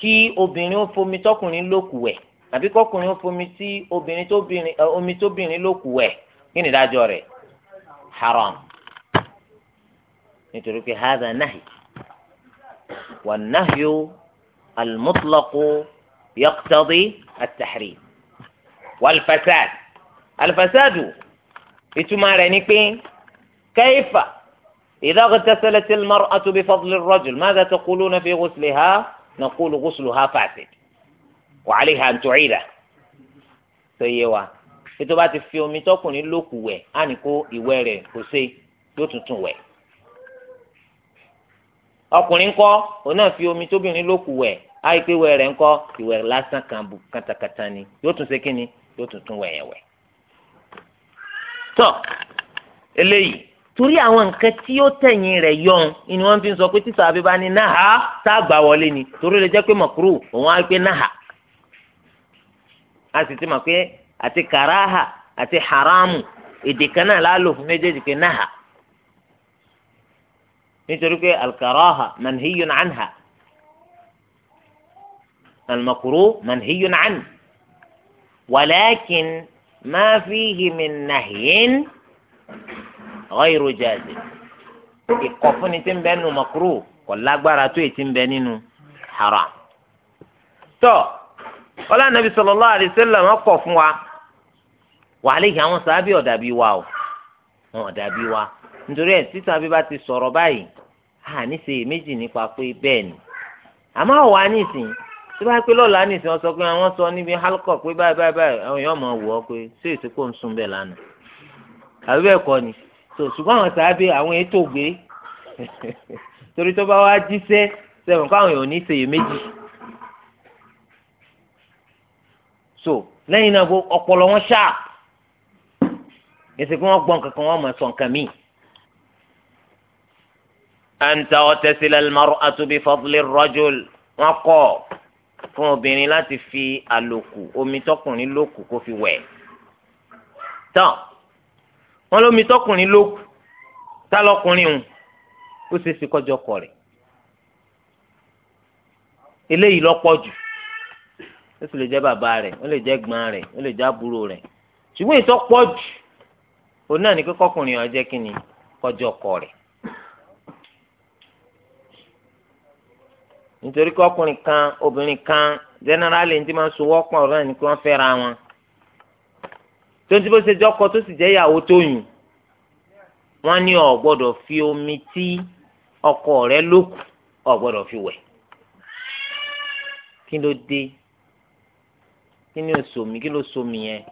kí obìnrin ó fomi tọkùnrin lókù wẹ̀ àbí kọkùnrin ó fomi tí obìnrin tóbìnrin omi tóbìnrin lókù wẹ̀ kí ni ìdájọ́ rẹ̀ haram nítorí pé hadha nahi wà nahyu almutlaqu yaqtadi at wà wàlfasad alfasadu ìtumá rẹ̀ ni pé kẹfà kayfa idha ightasalat al-mar'atu bifadli ar-rajul kúlú náà fi ha. نقول غسلها فاسد وعليها أن تعيده سيئ ètò bá ti fi omi tọkùnrin lókù wẹ̀ á ní kó ìwẹ̀ ọkùnrin fi omi tóbìnrin lókù wẹ̀ á rí rẹ̀ ìwẹ̀ lásán kan bu ni yóò tún torí àwọn nǹkan tí ó tẹ̀yìn rẹ̀ yọ̀n ni wọ́n fi sọ pé tíṣà abíbá ni náà tá a gbà wọlé ni torí lè jẹ́ pé mọ̀kúrò òun á pé náà a sì ti mọ̀ pé àti kàráhà àti haramu èdè kan náà lálò fún méjèèjì pé náà nítorí pé alkaraha manhiyun anha almakuru manhiyun anha walakin ma fihi min nahyin. ghayru jaazib ìkọ̀fúnni tí ń bẹ nínú makruh kò lágbára tó èyí tí ń bẹ nínú haram. tọ́ ọlá nàbí sallallahu alaihi kọ̀ fún wa wàhálà ìhà wọn sábẹ́ ọ̀dà bíi wa o wọn ọ̀dà bíi wa nítorí ẹ̀ títà bí bá ti sọ̀rọ̀ báyìí à níṣe méjì nípa pé bẹ́ẹ̀ ni àmọ́ àwa nísìn tí bá lọ́la nísìn sọ pé sọ níbi pé báyìí báyìí báyìí àwọn èèyàn mọ̀ wọ́ pé ṣé kò ń bẹ́ẹ̀ lánàá àbí bẹ́ẹ̀ kọ́ ni so ṣùgbọ́n àwọn sàábẹ́ àwọn ètò ògbé torí tó bá wá jíṣẹ́ sẹ́wọ̀n káwọn èèyàn ò ní ṣèyí méjì so lẹ́yìn náà ọpọlọ wọn ṣáà èsì kí wọ́n gbọ́n kankan wọ́n mọ̀ sọ nǹkan míì. anta ọtẹsílẹ almaru atubi fadli rajul wọn kọ fún obìnrin láti fi àlòkù omi tọkùnrin lòkù kó fi wẹ̀ tán wọn lómi tọkùnrin ló kù tá lọkùnrin hùn ó ṣe é ṣe kọjọ kọ rẹ eléyìí lọ́pọ̀ jù ó sì lè jẹ́ bàbá rẹ̀ ó lè jẹ́ gbọ́n rẹ̀ ó lè jẹ́ àbúrò rẹ̀ ṣùgbọ́n ìtọ́pọ̀ jù òun náà ní pé kọkùnrin ó jẹ́ kí ni kọjọ kọ rẹ̀ nítorí kọkùnrin kan obìnrin kan jẹ́nẹ́rálì ní ti máa ń sowọ́pọ̀ ọ̀rọ̀ ní kí wọ́n fẹ́ra wọn tonti bó ṣe jọkọ tó sì jẹ́ ìyàwó tóyún wọ́n ní ọ̀ gbọ́dọ̀ fi omi tí ọkọ rẹ lókù ọ̀ gbọ́dọ̀ fi wẹ̀ kí ló dé kí ni osomi kí ló somi yẹn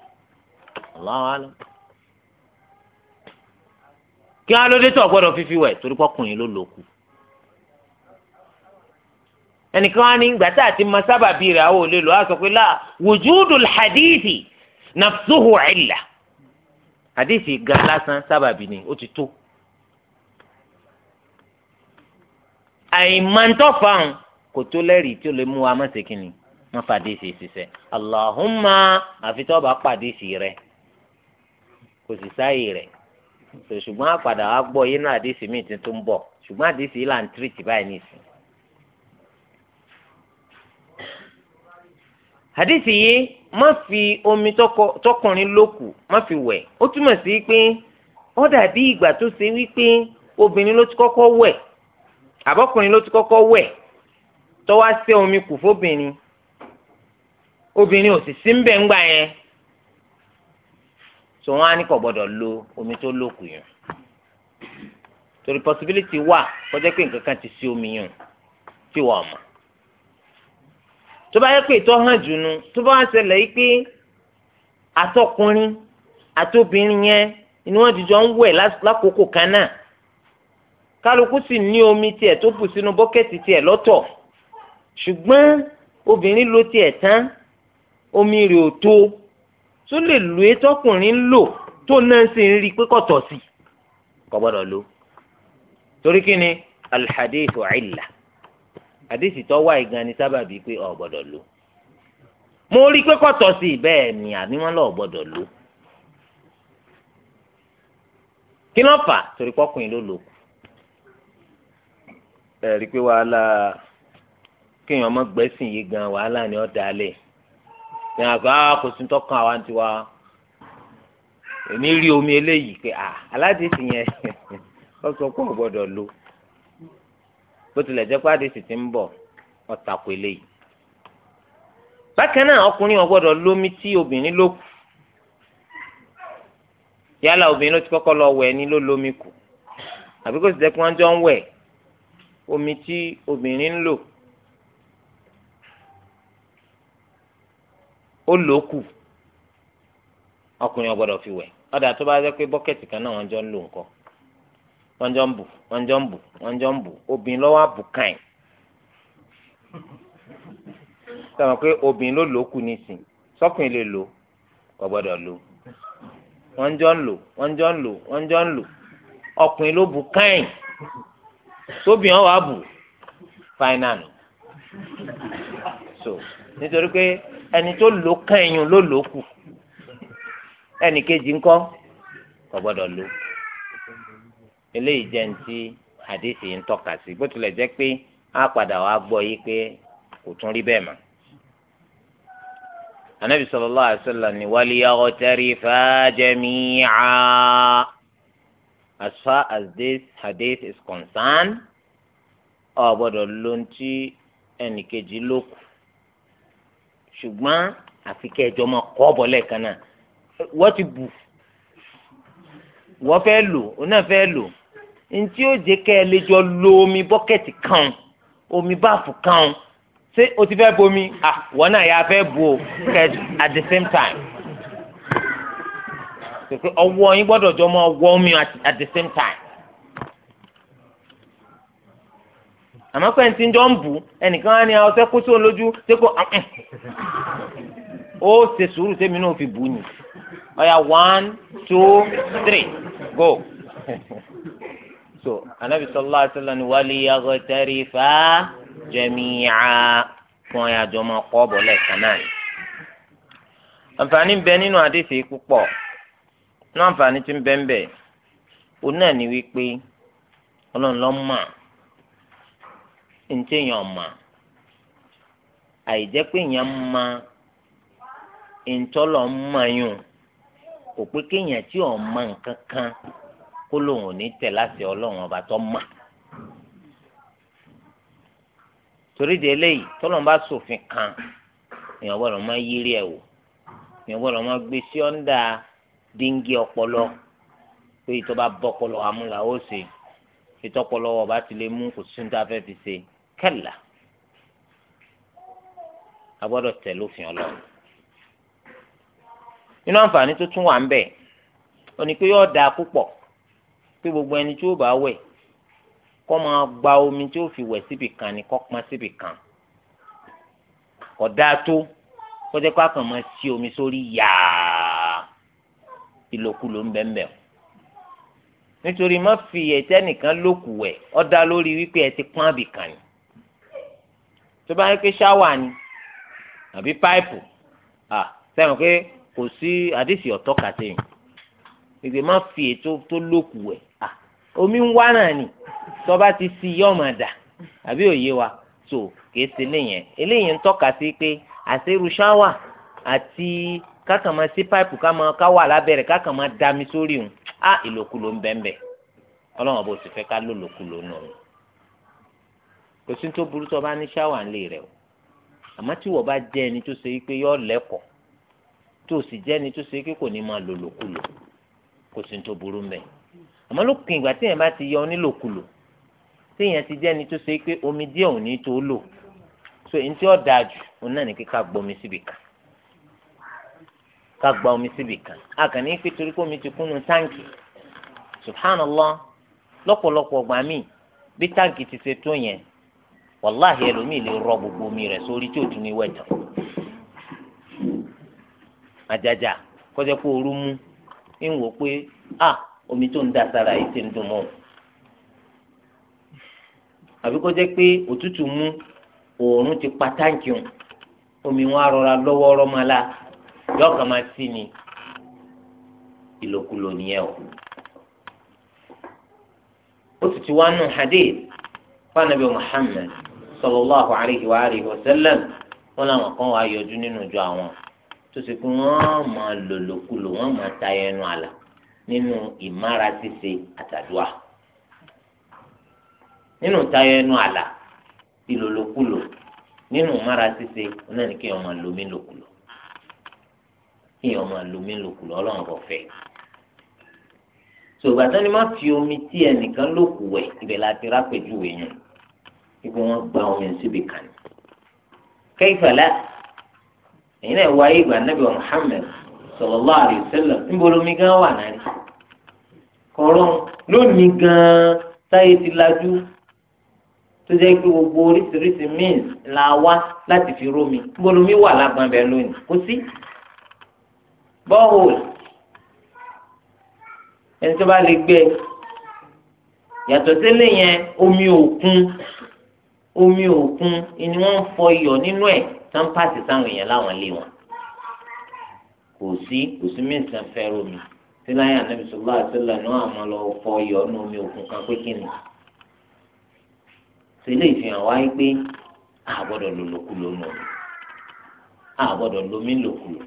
Allahu alam kí á ló tó ọ̀ fífi wẹ̀ torí pọ́kùnrin ló lókù ẹnìkan á ní gbàtà àti masábàbí rẹ̀ àwọn ò lè lò sọ pé láà wùjúdùl hadithi nafsuhu illa àdéhìí gan lásán sábàbí ni ó ti tó àìmọ̀ntọ́fàn kò tó lẹ́rìí tí ó lè mú wa má ṣe kínni má fàdé ṣe ṣiṣẹ́ Allahumma àfi tó bá pàdé ṣì rẹ kò sì sáàyè rẹ ṣùgbọ́n àpàdà wa gbọ́ yín náà àdéṣe míì tí tó ń bọ̀ ṣùgbọ́n àdéṣe yìí là ń tírìtì báyìí nìsín. àdéṣe yìí má fi omi tọkùnrin lókù má fi wẹ̀ ó túmọ̀ sí pé ó dàbí ìgbà tó ṣe wípé obìnrin ló ti kọ́kọ́ wẹ̀ àbọ́kùnrin ló ti kọ́kọ́ wẹ̀ tó wá ṣe omi kù fóbìnrin obìnrin ò sì sí ń bẹ̀ ń gbà yẹn tó wọn á ní kò gbọdọ̀ lo omi tó lókù yẹn torí possibility wà kọjá pé nǹkan kan ti ṣe omi yẹn tí wọ́n mọ̀ tó bá yẹ pé ìtọ́ hàn jù nu tó bá ṣẹlẹ̀ yìí pé àtọkùnrin àtobìnrin yẹn ni wọ́n ti ń wẹ̀ lákòókò kan náà kálukú sì ní omi tiẹ̀ tó bù sínú bọ́kẹ́tì tiẹ̀ lọ́tọ̀ ṣùgbọ́n obìnrin ló tiẹ̀ tán omi rẹ̀ ò tó tó lè lu etọ́kùnrin lò tó náà sì ń rí i pé kọ̀tọ̀ sí kò gbọ́dọ̀ lò torí kí ni alhadithu illah àdéhìí tó wà ìgan ni sábàbí pé ọ̀ gbọ́dọ̀ lò mo rí i pé kọ́tọ̀ sí bẹ́ẹ̀ ni àní wọ́n lọ́ọ̀ gbọ́dọ̀ lò kí ló fà torí pọ́kùnrin ló lò kù ẹ rí i pé wàhálà kéèyàn ọmọ gbẹ́sìn yìí gan wàhálà ni ọ́ dalẹ̀ ìyẹn àgbà ah, kò sí tọ́kàn àwa ti wá èmi rí omi eléyìí pé àládìsí ah, yẹn ọ̀sọ̀ kò gbọ́dọ̀ lò bó tilẹ̀ jẹ́ pé àdìsí ti ń bọ̀ ọ̀tàkùn eléyìí. bákan náà ọkùnrin ò gbọ́dọ̀ lómi tí obìnrin ló kù yálà obìnrin ló ti kọ́kọ́ lọ wẹ̀ ni ló lómi kù àbí kó sì jẹ́ pé wọ́n jọ ń wẹ̀ omi tí obìnrin ń lò ó lò fi wẹ̀ ọ̀dà tó bá jẹ́ pé bọ́kẹ́tì kan náà wọ́n jọ wọ́n jọ ń bù wọ́n jọ ń bù wọ́n jọ ń bù obìnrin lọ́wọ́ àbù kàn sọ pé obìnrin ló lò ó kù nísìn sọkùnrin lè lò kò gbọ́dọ̀ lò wọ́n jọ ń lò wọ́n jọ ń lò wọ́n jọ ń lò ọkùnrin ló bù kàn tóbìnrin wà bù fáínà so nítorí pé ẹni tó lò kàn yín ló lò ó kù ẹnì kejì ńkọ́ kò gbọ́dọ̀ lò eléyìí jẹ́ ní ti hadith yìí ń tọ́ka sí bó tilẹ̀ jẹ́ pé á padà wá gbọ́ yìí pé kò tún rí bẹ́ẹ̀ mọ́. anabi sallallahu alaihi wasallam ni waliyaghtarifa jami'a as far as this hadith is concerned ọ gbọ́dọ̀ ló ń tí ẹnìkejì ló kù ṣùgbọ́n àfi kẹjọ máa kọ ọ bọ lẹ́ẹ̀kan náà wọ́n ti bù wọ́n fẹ́ lò ó náà fẹ́ lò ntí ó jẹ́ kẹ́ ẹ lè jọ lo omi bọ́kẹ́tì kan omi báàfù kan ṣé o ti fẹ́ bomi Ah, wọ́n náà yà fẹ́ bu o at the same time pèpè ọwọ́ yín gbọ́dọ̀ jọ mọ ọwọ́ omi at the same time àmọ́ pé ntí jọ ń bù ẹnìkan á ní ọṣẹ kó sí olójú ṣé kò ah, mm. ó ṣe sùúrù tèmi náà fi bù ni ọ̀yà one two three go. so anabi sallallahu alaihi wasallam ni waliyaghitarifa jami'a fún ọyà àjọ máa kọ́ náà yìí. àǹfààní ń bẹ nínú àdìsí púpọ̀ nínú àǹfààní tí ń bẹ ń bẹ náà ni wípé ọlọ́run ló mọ̀ ntẹ̀yàn àìjẹ́ pé èèyàn mọ ń mọ̀ yùn kéèyàn kó lòun ò ní tẹ̀ láti ọlọ́run ọba tó mà torí de eléyìí tọ́lọ́n bá ṣòfin kan èèyàn gbọ́dọ̀ máa yírí ẹ̀ wò èèyàn gbọ́dọ̀ máa gbé sí ọ́ńdà díngí ọpọlọ pé ìtọ́ bá bọ́pọlọ àmúlà ó ṣe ìtọ́pọlọ ọba ti lè mú kò sí níta fẹ́ fi ṣe kẹ́là a gbọ́dọ̀ tẹ̀ lófin ọlọ́run nínú àǹfààní tó tún wà ń bẹ ó ní pé yóò dáa púpọ̀ pé gbogbo ẹni tí ó bá wẹ̀ kó máa gba omi tí ó fi wẹ̀ síbì kan ni kó pọn síbì kan kò dáa tó kó jẹ́ pé a kàn máa sí omi sórí yàá ìlòkulò ń bẹ́ẹ̀ bẹ́ẹ̀ nítorí má fi ẹ̀tẹ́ nìkan lókù wẹ̀ ó dá lórí wípé ẹ ti pọ́n àbìkan ni tó bá yẹ pé ṣáwà ni àbí páìpù à sẹ́wọ̀n pé kò sí àdìsí ọ̀tọ́ kàtẹ́yìn ìgbè fi ètò tó lókù wẹ̀ omi ń wá náà nì tọ́ba ti si yọ ọmọ dà àbí òye wa so kìí ṣe léyìn eléyìí ń tọ́ka sí pé àṣírù ṣáwà àti kákan máa sí páìpù ká wà lábẹ́rẹ́ kákan máa dami sórí òun á ìlòkulò ń bẹ́ẹ̀ bẹ́ẹ̀ ọlọ́run ọba òsì fẹ́ ká lòlòkulò nù ọ́n kò sí tó burú tó bá ní ṣáwà ńlẹ̀ rẹ̀ o àmọ́ tí wọ́n bá jẹ́ ẹni tó ṣe pé yọ lẹ́kọ̀ọ́ tó sì jẹ́ ẹni tó ṣe pé kò ní máa lòlòkulò kò sí tó burú mẹ́ẹ̀. àmọ́ lópin ìgbà téèyàn bá ti yọ onílòkulò téèyàn ti jẹ́ ni tó ṣe pé omi díẹ̀ ò ní tó lò so èyí tí ó dáa jù òun náà ní gba omi síbi kan gba omi síbi kan a kàn ní pé torí omi ti kúnnu táǹkì subhanallah lọ́pọ̀lọpọ̀ ọgbà míì bí táǹkì ti ṣe tó yẹn wàláhì ẹlòmíì lè rọ omi rẹ̀ sórí tí ò tún ní àjàjà kọjá pé mú ń ah, omi tó ń dà sára yìí ti ń dùn mọ́ àbí kó jẹ́ pé òtútù mú òórùn ti pa táǹkì hàn omi wọn arọra lọ́wọ́ rọ́mọlá yóò kàn máa sí ni ìlòkulò nìyẹn o. ó sì ti wá nù hadith fanabi Muhammad sallallahu alayhi wa alihi wa sallam wọn làwọn kan wàá yọjú nínú ìjọ àwọn tó sì pé wọn máa lòlòkulò wọn máa ta ẹnu àlà nínú ìmára ṣíṣe àtàdúà nínú tayọ ẹnu àlà ìlòlòkulò nínú ìmára ṣíṣe náà ni kéèyàn máa lomi lòkulò kéèyàn máa lomi lòkulò ọlọ́run kò fẹ́ sògbà tán ni má fi omi tí ẹnìkan lòkù wẹ̀ ibẹ̀ la ti rápẹ̀júwe yẹn ibi wọn gba omi síbi kan kẹ́yìfà lá náà wáyé ìgbà nàbẹ̀ Muhammad sallallahu alaihi wasallam níbo lomi gan wà náà kọ̀ọ̀rọ̀ lónìí gan-an táyé ti lajú tó jẹ́ pé gbogbo oríṣiríṣi means la wá láti fi rómi gbólómi wà lágbọn bẹ́ẹ̀ lónìí kò sí bọ́ọ̀hùl ẹni tó bá lè gbé e. yàtọ̀ sílẹ̀ yẹn omi òkun omi òkun ni wọ́n ń fọ iyọ̀ nínú ẹ̀ tán pàṣẹ sáwọn èèyàn láwọn ilé wọn kò sí kò sí means tán fẹ́ rómi. tí láyé ànábi sọlá àtẹlẹ ní àmọ́ lọ fọ yọ nù omi òkun kan pé kí ni ìfihàn wáyé pé àgbọ́dọ̀ lò lòkulò nù àgbọ́dọ̀ lomi lòkulò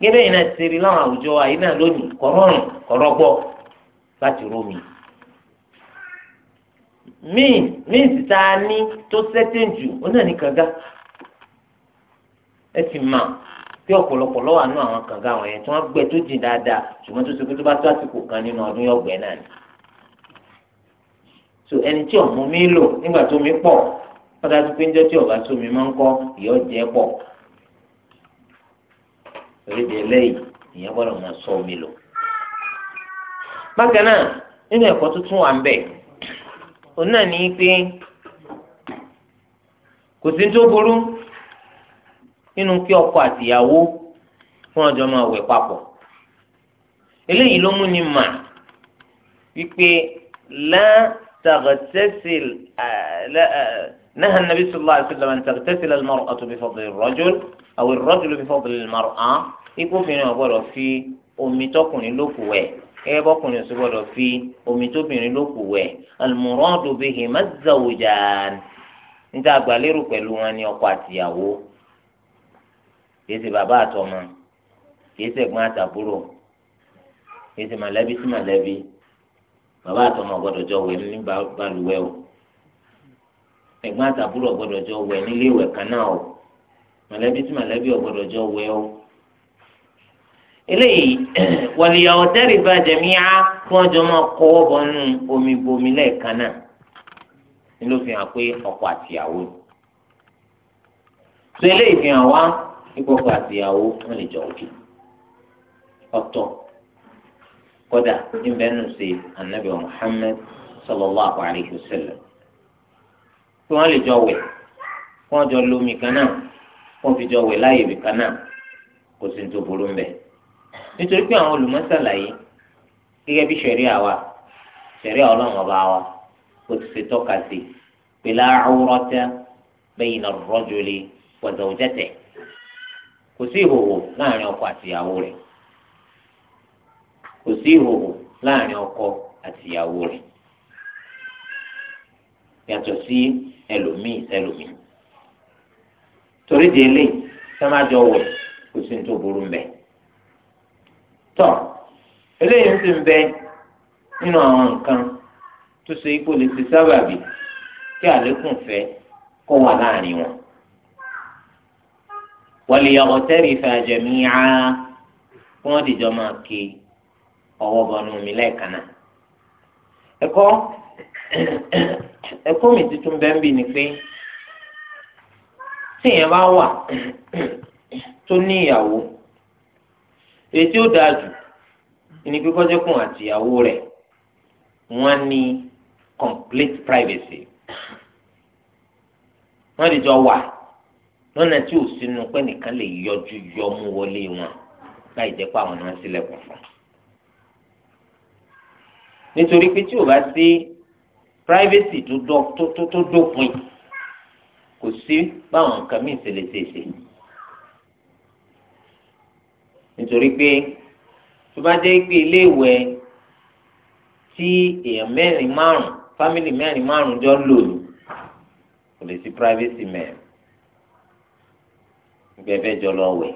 gẹ́gẹ́ yìí náà ti rí láwọn àwùjọ àyè náà lónìí láti rómi míì míì a ní tó jù ó náà ní ẹ tí ọ̀pọ̀lọpọ̀ lọ́wọ́ àánú àwọn kànga àwọn yẹn tí wọ́n gbẹ tó jìn dáadáa ṣùgbọ́n tó ṣe pé tó bá tó àsìkò kan nínú ọdún yóò gbẹ náà so ẹni tí ọ̀mú mi lò nígbà tó mi pọ̀ fọ́dà tó pé ń jẹ́ tí ọ̀gá tó mi máa ń kọ́ ìyọ́ jẹ́ pọ̀. torí sọ omi lò. bákan náà nínú ẹ̀kọ́ tuntun wà ń bẹ̀ òun náà pé nínú kí ọkọ àtìyàwó fún ọjọ́ máa wẹ̀ papọ̀ eléyìí ló mú ni mà wípé la tagtasil naha nabi sallallahu alaihi wasallam an tagtasil al-mar'atu bi fadli ar-rajul aw ar-rajulu bi fadli al-mar'a ikú fi ni ọgbọdọ fi omi tọkùnrin lókù wẹ̀ ẹ bọkùnrin sì gbọ́dọ̀ fi omi tóbìnrin lókù wẹ̀ al-muradu bihima az níta àgbàlérò pẹ̀lú wọn ni ọkọ àtìyàwó kìí ṣe bàbá àtọmọ kìí ṣe ẹ̀gbọ́n àtàbúrò kìí ṣe mọ̀lẹ́bí sí mọ̀lẹ́bí bàbá àtọmọ gbọ́dọ̀ jọ wẹ̀ ní balùwẹ̀ o ẹ̀gbọ́n àtàbúrò gbọ́dọ̀ jọ wẹ̀ nílé ìwẹ̀ kan náà o mọ̀lẹ́bí sí mọ̀lẹ́bí gbọ́dọ̀ jọ wẹ̀ o eléyìí wàlìyàwó tẹ́rì bá jẹ̀míà kí wọ́n jọ máa kọ́wọ́ bọ́nú omi bomi lẹ́ẹ̀kan náà ni fi hàn pé ọkọ àtìyàwó ni. eléyìí fi hàn wá kíkọ́kọ́ àtìyàwó wọn lè jọ òkè ọ̀tọ̀ kódà ìbẹ́nu ṣe anabi muhammed sallallahu alayhi wa sallam kí wọ́n lè jọ wẹ̀ kí wọ́n jọ lómi kan náà kí wọ́n fi jọ wẹ̀ láàyè ibì kan kò sí tó burú ń nítorí pé àwọn olùmọ̀sálàyé gẹ́gẹ́ bí ṣẹ̀ríà wa ṣẹ̀ríà ọlọ́run ọba wa kò ti tọ́ka sí pé la awrata bayna ar-rajuli wa zawjatihi. kò sí ìhòòhò láàrin ọkọ àtìyàwó rẹ kò sí ìhòòhò láàrin ọkọ àtìyàwó rẹ̀ yàtọ̀ sí ẹlòmíì ẹlòmíì torí di eléyìí sẹ́májọ kò sí ní tó burú mbẹ́ tọ́ eléyìí ń sì ń bẹ nínú àwọn nǹkan tó ṣe ipò lè ti sábàbí kí àlékún fẹ́ kó wà láàrin wọn. wàlíyàwó tẹ́rì fàjẹ̀mí á kí wọ́n dìjọ́ máa ké ọwọ́ bọnú mi lẹ́ẹ̀kan náà. ẹ̀kọ́ ẹ̀kọ́ mi tuntun bẹ́ẹ̀ bì ni pé tíyẹn bá wà tó ní ìyàwó èyí tí ó dáa jù ní kíkọ́ jẹ́kùn àti ìyàwó rẹ̀ wọ́n ní complete privacy wọ́n dìjọ́ wà lọ́nà tí ò sínú pé nìkan lè yọjú yọmú wọlé wọn láì jẹ́ pé àwọn náà sílẹ̀kùn fún nítorí pé tí ò bá sí privacy tó dópin kò sí báwọn nǹkan míì ṣe lè ṣèṣe. nítorí pé tó bá jẹ́ pé iléèwẹ̀ tí èèyàn mẹ́rin márùn-ún fámìlì mẹ́rin márùn-ún jọ ń lò ní kò lè sí privacy mẹ́rin bẹ́ẹ̀ bẹ́ẹ̀ jọ lọ wẹ̀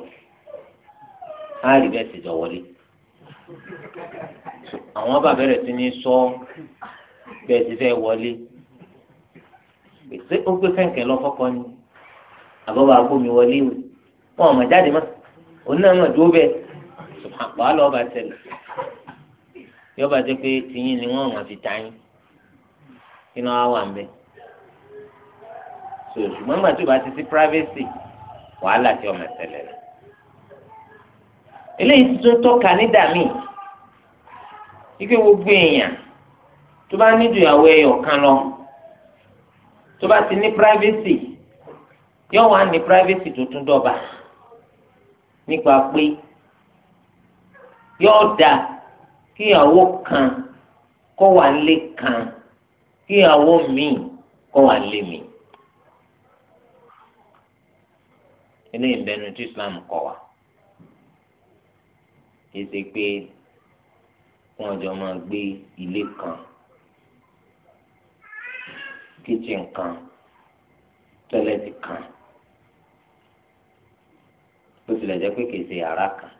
á rí bẹ́ẹ̀ sì jọ wọlé àwọn bàbá bẹ̀rẹ̀ sí ní sọ bẹ́ẹ̀ ti fẹ́ wọlé pèsè ó gbé fẹ́ǹkẹ́ lọ́kọ́kọ́ ni àbọ̀bà agbómi wọlé wò wọn ò mọ̀ jáde mọ́ òun náà mọ̀ dúró bẹ́ẹ̀ àpá lọ́ba tẹ̀lé yọba jẹ́ pé tìyín ni wọ́n mọ̀ fi tayín kí ni wọ́n wà ń bẹ̀ ṣùgbọ́n gbàtúbà ti sí privacy wàhálà tí ọmọ ẹsẹlẹ rẹ eléyìí tuntun tọ́ka nídà mí ike gbogbo èèyàn tó bá nídìí ìyàwó ẹyọ kan lọ tó bá ti ní privacy yóò wá ní privacy tó tún dọ́ba nípa pé yóò dà kí kan kó wà lé kan kí míì kó wà lé míì. eléyìí bẹnu tí islam kọ́ wa kì í ṣe pé wọ́n jọ máa gbé ilé kan kíchìn kan tọ́lẹ́tì kan bó tilẹ̀ jẹ́ pé kì í ṣe yàrá kan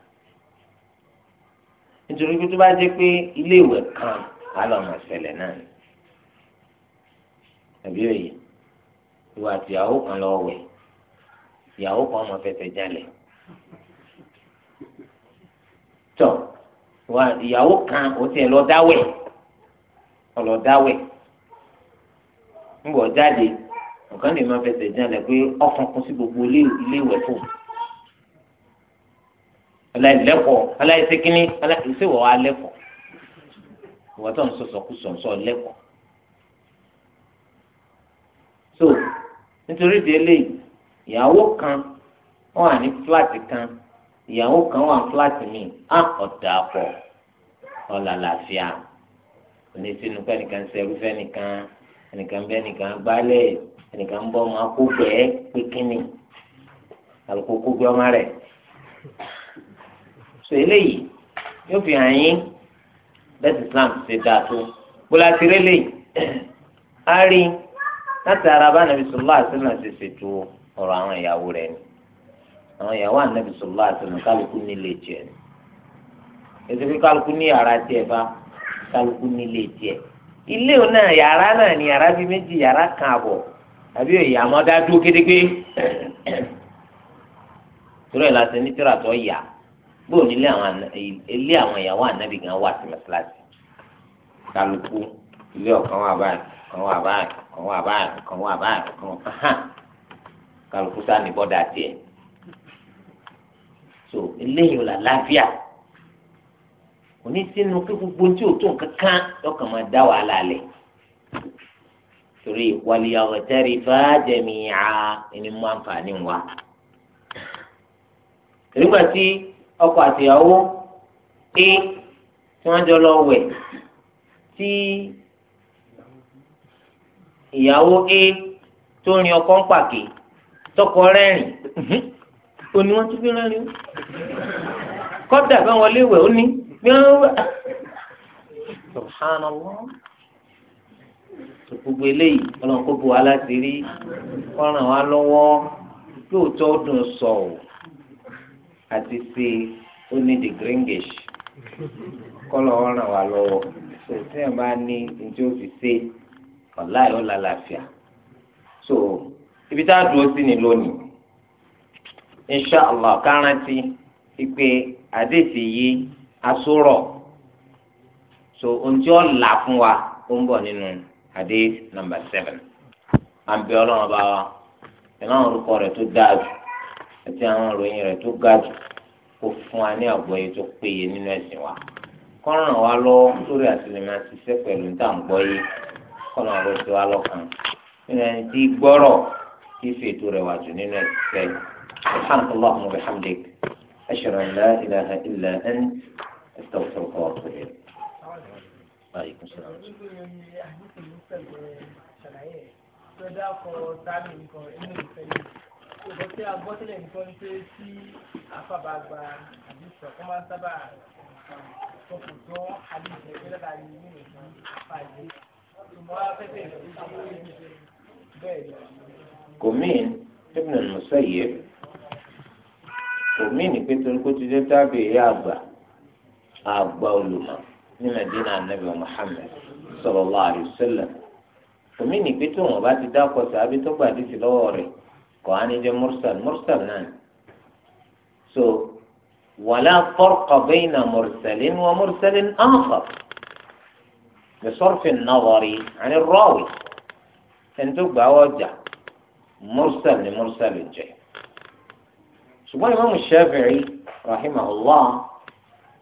nítorí pé tó bá jẹ́ pé ilé ìwẹ̀ kan á lọ mọ̀ ṣẹlẹ̀ náà ni àbí òye ìwà àtìyàwó kan lọ wẹ̀ ìyàwó kan máa fẹsẹ̀ jalè tọ wa ìyàwó kan ó tiẹ̀ lọ dáwẹ̀ ọlọ dáwẹ̀ ń jáde nǹkan lè máa fẹsẹ̀ jalè pé ọkùnkùn sí gbogbo ilé ìwẹ̀ fún aláìlẹ́kọ̀ọ́ aláìsẹ́kínní aláìsẹ́wọ̀ alẹ́kọ̀ọ́ ìwà tó ń sọ̀sọ̀ kú sọ̀nsọ̀ lẹ́kọ̀ọ́ so nítorí di eléyìí ìyàwó kan wọ́n wà ní fúláàtì kan ìyàwó kan wà ní fúláàtì míì á ọ̀dà pọ̀ ọ̀là làáfíà òní sínú pé ẹnìkan ṣẹrú fẹ́nìkan ẹnìkan bẹ́ẹ̀ nìkan gbálẹ̀ ẹnìkan bọ́ ọmọ akógbẹ́ pé kínni alùpùpù gbé ọmọ rẹ̀ so eléyìí yóò fi hàn yín bẹ́ẹ̀ Islam ṣe dáa tó bọ́lá ti rélé yìí á rí látara bá nàbí sọlá àti sọlá ṣe o ọ̀rọ̀ àwọn ìyàwó rẹ̀ ni àwọn ìyàwó ànábì sọlá àtọnà kálukú nílé tiẹ̀ ni ètò pé kálukú ní yàrá tiẹ̀ bá kálukú nílé tiẹ̀ ilé òun náà yàrá náà ni yàrá bíi méjì yàrá kan àbọ̀ àbí òyà àmọdá dúró kédégbé torí ẹ̀ láti ní tíra tó yà bóò nílé àwọn ilé àwọn ìyàwó ànábì gan wà sí mẹsàlásì kálukú ilé ọ̀kan wà báyìí kan wà báyìí kan wà báyìí kan wà báyìí kan wà báyìí kálukú sáà ní bọ́dà tiẹ̀ so eléyìí la láfíà òní sínú pé gbogbo tí o tó nǹkan kan lọ́kàn máa dá wàhálà lẹ̀ torí wàlíyàwó tẹ́rì bá jẹ̀mí à ẹni mú àǹfààní wa nígbà tí ọkọ àtìyàwó pé tí wọ́n jọ lọ wẹ̀ tí ìyàwó a tó rin ọkọ ń pàkè tọkọ rẹ́rìn òní wọ́n tún fi rẹ́rìn kọ́dà bá wọlé wẹ̀ ó subhanallah gbogbo eléyìí ọlọ́run kó bu aláti rí ọ̀ràn wa lọ́wọ́ lóòótọ́ dùn sọ ọ́ àti ṣe ó ní the gringish kọ́lọ̀ ọ̀ràn wa lọ́wọ́ ṣèṣẹ́ bá ní ní tí ó fi ṣe ọ̀la lálàáfíà so ibi tá a dúró sí ni lónìí insha allah kárántì ìpè àdéhìí yìí asúrọ̀ so ohun tí ó là fún wa ó ń bọ̀ nínú hadith number seven à ń bẹ ọlọ́run bá wa pẹ̀lú àwọn orúkọ rẹ̀ tó dáa jù àti àwọn ìròyìn rẹ̀ tó ga jù kó fún wa ní àgbọ́yé tó péye nínú ẹ̀sìn wa kọ́ràn wa lọ lórí àtìlẹ́yìn àti iṣẹ́ pẹ̀lú níta ń gbọ́ yé wa lọ sí wa lọ́kàn nínú ẹni tí gbọ́rọ̀. كيفي في رواج لنا طيب. الكي سبحانك اللهم وبحمدك أشهد أن لا إله إلا أنت أستغفرك وأتوب إليك وعليكم السلام Thank you. كومين ابن المسيب كومين كنت كنت جتا بي أبا أبا ولما من دين النبي محمد صلى الله عليه وسلم كومين كنت وبعد داك وسابي تبع دي سلوري كواني جا مرسل مرسل نان نعم. سو ولا فرق بين مرسل ومرسل آخر بصرف النظر عن الراوي أن تبع وجه mursal ni mursal jẹ ṣùgbọ́n ìmáàmù Shafi'i rahimahullah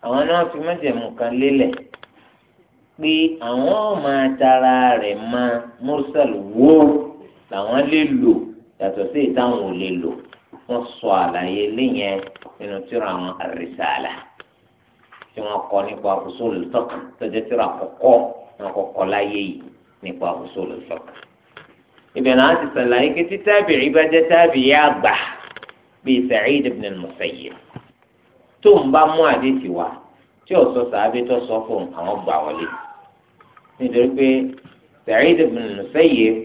àwọn náà fi mẹ́jẹ̀mú kan lélẹ̀ pé àwọn ọmọ atara rẹ̀ máa mursal wó làwọn lè lò yàtọ̀ sí ìtàwọn ò lè lò wọ́n sọ àlàyé lẹ́yìn nínú tírà àwọn àrísàlà tí wọ́n kọ nípa usulul fiqh tó jẹ́ tírà àkọ́kọ́ wọn kọ́kọ́ láyé yìí nípa usulul fiqh ibẹ̀ náà ti sàlàyé pé tí tábìrì bá jẹ́ tábìrì àgbà bíi Sa'id ibn al-Musayyib tó ń bá mú àdéhìí wá tí ò sọ sàábé tó sọ fún àwọn gbà wọlé nítorí pé Sa'id ibn al-Musayyib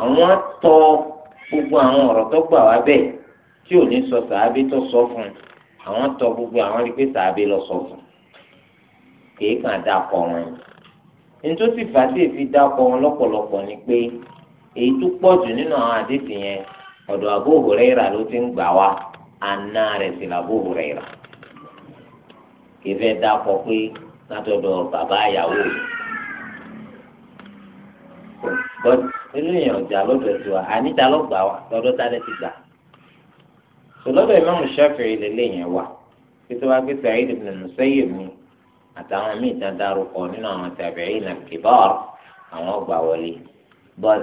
àwọn tọ gbogbo àwọn ọ̀rọ̀ tó gbà wá bẹ́ẹ̀ tí ò ní sọ sàábé tó sọ fún àwọn tọ gbogbo àwọn rí pé sàábé lọ sọ fún kì dákọ wọn ní tó sì fà á sì fi dákọ wọn lọ́pọ̀lọpọ̀ ni pé èyí tó pọ̀ jù nínú àwọn àdéhùn yẹn ọ̀dọ̀ Abu Huraira ló ti ń gbà wá àna rẹ̀ sì l'Abu Huraira kìfẹ́ dákọ̀ pé látọ̀dọ̀ bàbá ìyàwó rẹ̀ bọ́t eléyàn ọjà lọ́dọ̀ tiwa àníta ló gbà wá lọ́dọ̀ tálẹ́ ti gbà sọlọ́dọ̀ Imamu Shafi'i lélẹ́yìn wa títí wá gbé Sa'id ibn Musayyib mi àtàwọn míì tán dárúkọ nínú àwọn tabi'in al-kibar àwọn gbà wọlé bọ́t.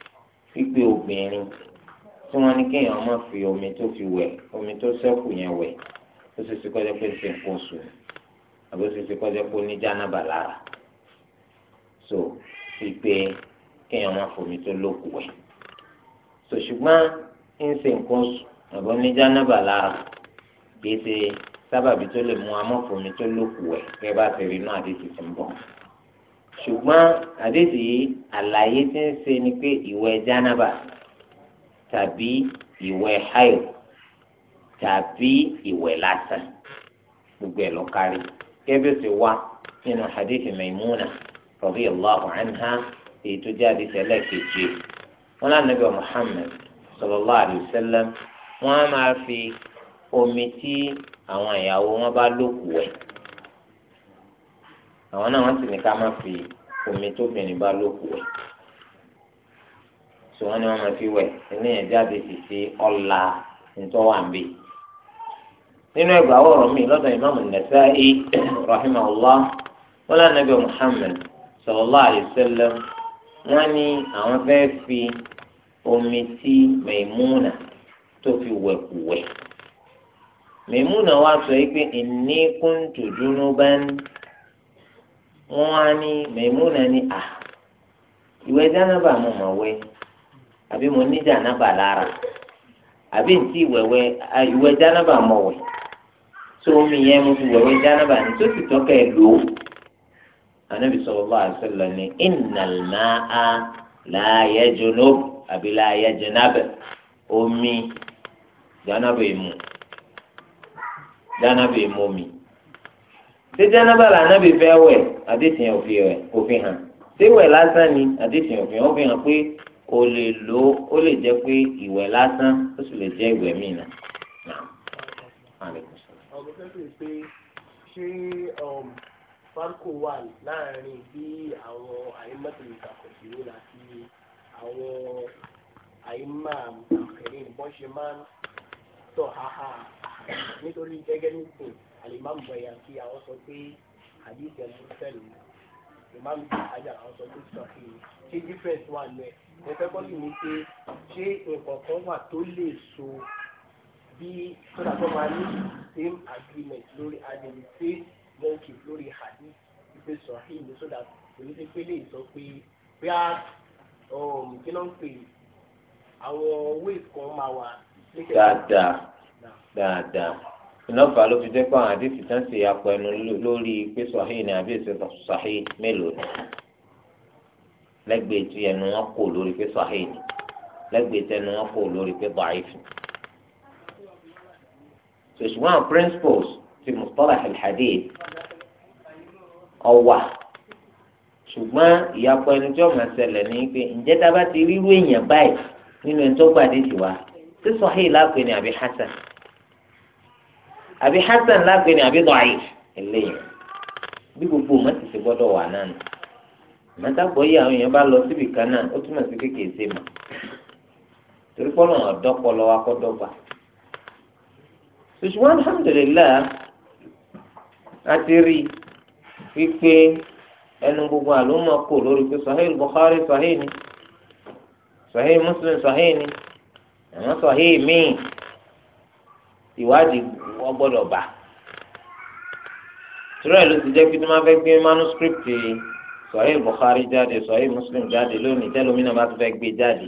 wípé obìnrin tí wọ́n ní kéèyàn má fi omi tó fi wẹ̀ omi tó ṣẹ́kù yẹn wẹ̀ ó sì ṣe kọjá pé ṣe nǹkan oṣù àbí ó sì ṣe kọjá pé ó ní jánábà lára so wípé kéèyàn má fomi tó lókù wẹ̀ so ṣùgbọ́n ń ṣe nǹkan oṣù àbí ó ní jánábà lára kì í ṣe sábàbí tó lè mú amọ́fomi tó lókù wẹ̀ kẹ́ bá ti rí inú àdéhùn ti ń bọ̀ ṣùgbọ́n àdéhì àlàyé tí ń ṣe ni pé ìwẹ̀ jánábà tàbí ìwẹ̀ hayo tàbí ìwẹ̀ lásán gbogbo ẹ̀ lọ kárí kẹ́bí ó sì wá nínú àdéhì Maimuna radiyallahu anha èyí tó jẹ́ àdéhì ẹlẹ́ẹ̀kejì wọn lánàbẹ̀ Muhammad sallallahu alayhi wọn á máa fi omi tí àwọn ìyàwó wọn bá lòkù wẹ̀ àwọn náà wọ́n sì ní ká má fi omi tóbìnrin bá lòkù wẹ̀ tí wọ́n ní wọ́n máa fi wẹ̀ eléyàn jáde sì sí ọ̀la ntọ́wàǹbì nínú ẹgbà ọ̀rọ̀ mi lọ́dọ̀ ìmáàmù Nasa'i rahimahullah wọn lọ nàbẹ Muhammad sallallahu alaihi wasallam wọ́n ní àwọn fẹ́ẹ́ fi omi tí Maimuna tó fi wẹ̀kù wẹ̀ Maimuna wá sọ yìí pé inni kuntu junuban wọn á ní mẹmúnà ní à ìwẹ̀ jánábà mo mọ wẹ̀ àbí mo ní jánábà lára àbí ntí ìwẹwẹ ìwẹ̀ jánábà mo wẹ̀ tó omi yẹn mo fi wẹ̀wẹ̀ jánábà ní tó ti tọkẹ lò ó anabi sallallahu alaihi wasallam ní innal ma'a la àbí la yajunab omi jánábà èmu jánábà èmu omi ṣé jẹ́nẹ́bà lànàbì fẹ́ wẹ̀ àdéhùn òfin wẹ̀ òfin hàn ṣé wẹ̀ lásán ni àdéhùn òfin hàn òfin hàn pé o lè lò ó ó lè jẹ́ pé ìwẹ̀ lásán ó sì lè jẹ́ ìwẹ̀ míì náà. ọ̀gọ́dọ̀ sì pé ṣé um, farko wà láàrin bí àwọn àyèmọ́tòlù ìtàkùnṣòwò àti àwọn àyèmọ́ àkẹ́rẹ́ ìbọn ṣe máa ń tọ̀ háhá nítorí gẹ́gẹ́ nísìnyí alimami bẹ̀yà kí àwọn sọ pé àdìsẹ̀ mùsẹ̀lì ìmáàmù tí àjà àwọn sọ pé sọ̀kì ṣé difference wà lẹ̀ ẹ fẹ́ kọ́lù mi pé ṣé nǹkan kan wà tó so bí sọ́dà tó máa ní same agreement lórí adìyẹ pé wọ́n kì lórí hadith ìpè sọ̀hìn ní sọ́dà èyí ti pé lè sọ pé bí a um, kí ló àwọn ways kan máa wà. dáadáa dáadáa ìnáfà ló fi jẹ́ pé àwọn àdéhùn tán ṣe àpẹnu lórí pé sahih ni àbí èsì sahih mélòó ni lẹ́gbẹ̀ẹ́ tí ẹnu wọn kò lórí pé sahih ni lẹ́gbẹ̀ẹ́ tí ẹnu wọn kò lórí pé da'if ni. ṣùgbọ́n principles ti mustalah al-hadith ọ̀wà ṣùgbọ́n ìyapọ̀ ẹni tí ọmọ ṣẹlẹ̀ ní pé ǹjẹ́ tá a bá ti rí irú èèyàn báyìí nínú ẹni tó gbàdé tiwa sí sahih lápẹ́ ni àbí hasan àbí hasan lágbè ni àbí dọ̀ayì eléyìí bí gbogbo ọmọ ti ṣe gbọ́dọ̀ wà náà nù mọ́tàgbọ́ yìí àwọn èèyàn bá lọ síbi kan náà ó túmọ̀ sí kékeré ṣe mọ̀ torí pọ́lọ́ ọ̀dọ́pọ̀ lọ́wọ́ akọ́dọ́gba ṣùgbọ́n alhamdulillah a ti rí wípé ẹnu gbogbo àlùmọ̀ kò lórí pé sahih bukhari sahih ni sahih muslim sahih ni àwọn sahih míì ìwádìí wọ́n gbọ́dọ̀ bá tura ẹ̀ ló ti jẹ́ pé tí wọ́n fẹ́ gbé manuscript sọ̀hìn Bukhari jáde sọ̀hìn Muslim jáde lónìí tẹ́lómìnà bá tún fẹ́ gbé jáde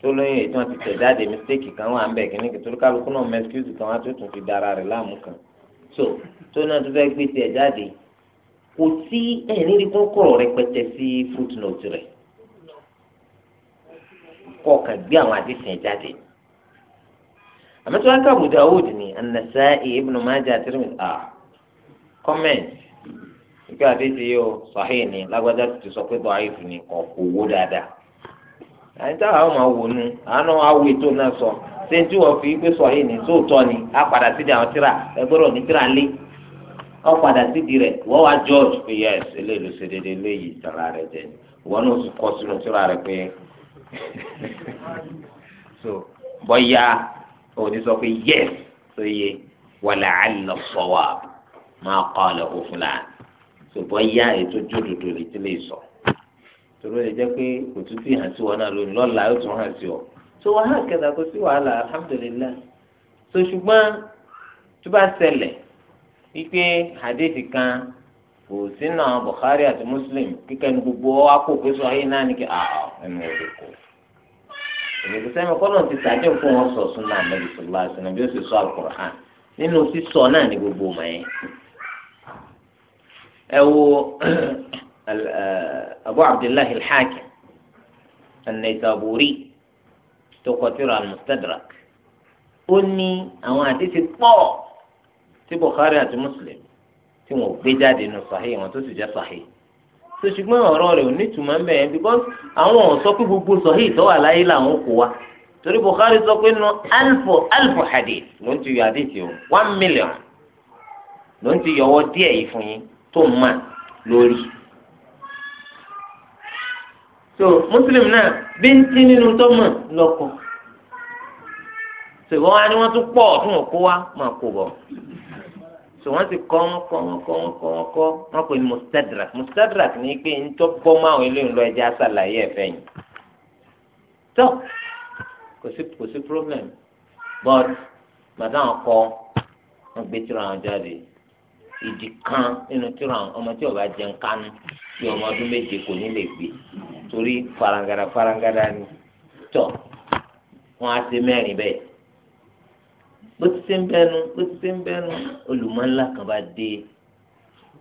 tó lóyún ètò àti tẹ̀jáde mistake kan wà ń bẹ̀ kíní kí torí kálukú náà mẹ́síkúsì kan wá tó tún fi dára rẹ̀ láàmú kan so tó náà tún fẹ́ gbé tiẹ̀ jáde kò sí ẹ̀rí rí kọ́kọ́rọ̀ rẹpẹtẹ sí footnote rẹ̀ kọ̀ọ̀kan gbé àwọn àdìsìn jáde. àmọ́ aka wọ́n Abu Dawud ah comment ni lágbájá ti sọ pé da'if ni kò kò wó dáadáa àyíká àwọn máa wò nu àánú awo ètò náà sọ sẹ́ńtì fi pé ni ni padà sídi àwọn tíra ní tíra lé ọ padà sídi wá George pé ṣe déédéé léyìí tara jẹ náà sì sínú tíra pé bọ́yá. òní sọ pé yes tó yẹ wàlà àlọ sọwà máa kọ́ ọ lọ́kọ̀ fúlàn ṣùgbọ́n yá ètò jódodo lè ti lè sọ tòrò lè jẹ́ pé kò tún fi hàn sí wọn náà lónìí lọ́la yóò tún hàn sí ọ tó wàá hàn kẹta kó sí wàhálà alhamdulillah tó ṣùgbọ́n tó bá ṣẹlẹ̀ wípé hadith kan kò sínú àwọn àti Muslim kíkẹ́ ní gbogbo ọ́ wá kó ayé náà ní kí ah, ẹnu ò lè ìgbésẹ̀ sẹ́yìn kọ́nà ti sàdé fún wọn sọ súnà ànábì sọlá sínú bí ó sì sọ àkùrán nínú sísọ náà ní gbogbo ọmọ yẹn. ẹ wo abu abdullahi al-hakim an-naysaburi tó kọ tírà al-mustadrak ó ní àwọn àdìsí pọ̀ tí bukhari àti muslim tí wọn gbé jáde nù sahih wọn tó sì jẹ́ sahih so ṣùgbọ́n ọ̀rọ̀ rẹ̀ ò ní ìtumọ̀ mbẹ́ yẹn because àwọn ò sọ pé gbogbo sọ̀hí ìtọ́wà láyé làwọn kò wá torí Bukhari sọ pé nù alfu alfo hadith ló ń ti yọ àdéhìí o one million ló ń ti yọwọ́ díẹ̀ yìí fún yín tó ń mà lórí. so Muslim náà bí ń tí nínú tọ́mọ̀ lọ́kọ̀ ṣùgbọ́n wa ni wọ́n tún pọ̀ tún òkú wa máa kó bọ̀ so wọ́n ti kọ́ wọ́n kọ́ wọ́n kọ́ wọ́n kọ́ wọ́n kọ́ wọ́n pè ní mustadrak mustadrak ní pé ntọ́ bọ́ máwọn eléyìí lọ ẹja ṣàlàyé ẹ̀fẹ́ yìí tọ́ kò sí kò sí problem but màdá wọn kọ́ wọn gbé tíra wọn jáde ìdí kan nínú tíra wọn ọmọ tí ọba jẹun kánú bí ọmọ ọdún méje kò ní lè gbé torí farangada farangada ni tọ́ wọn á ti mẹ́rin bẹ́ẹ̀ bó ti ṣe ń bẹnu bó ti ṣe ń bẹnu olùmọ̀ńlá kan bá dé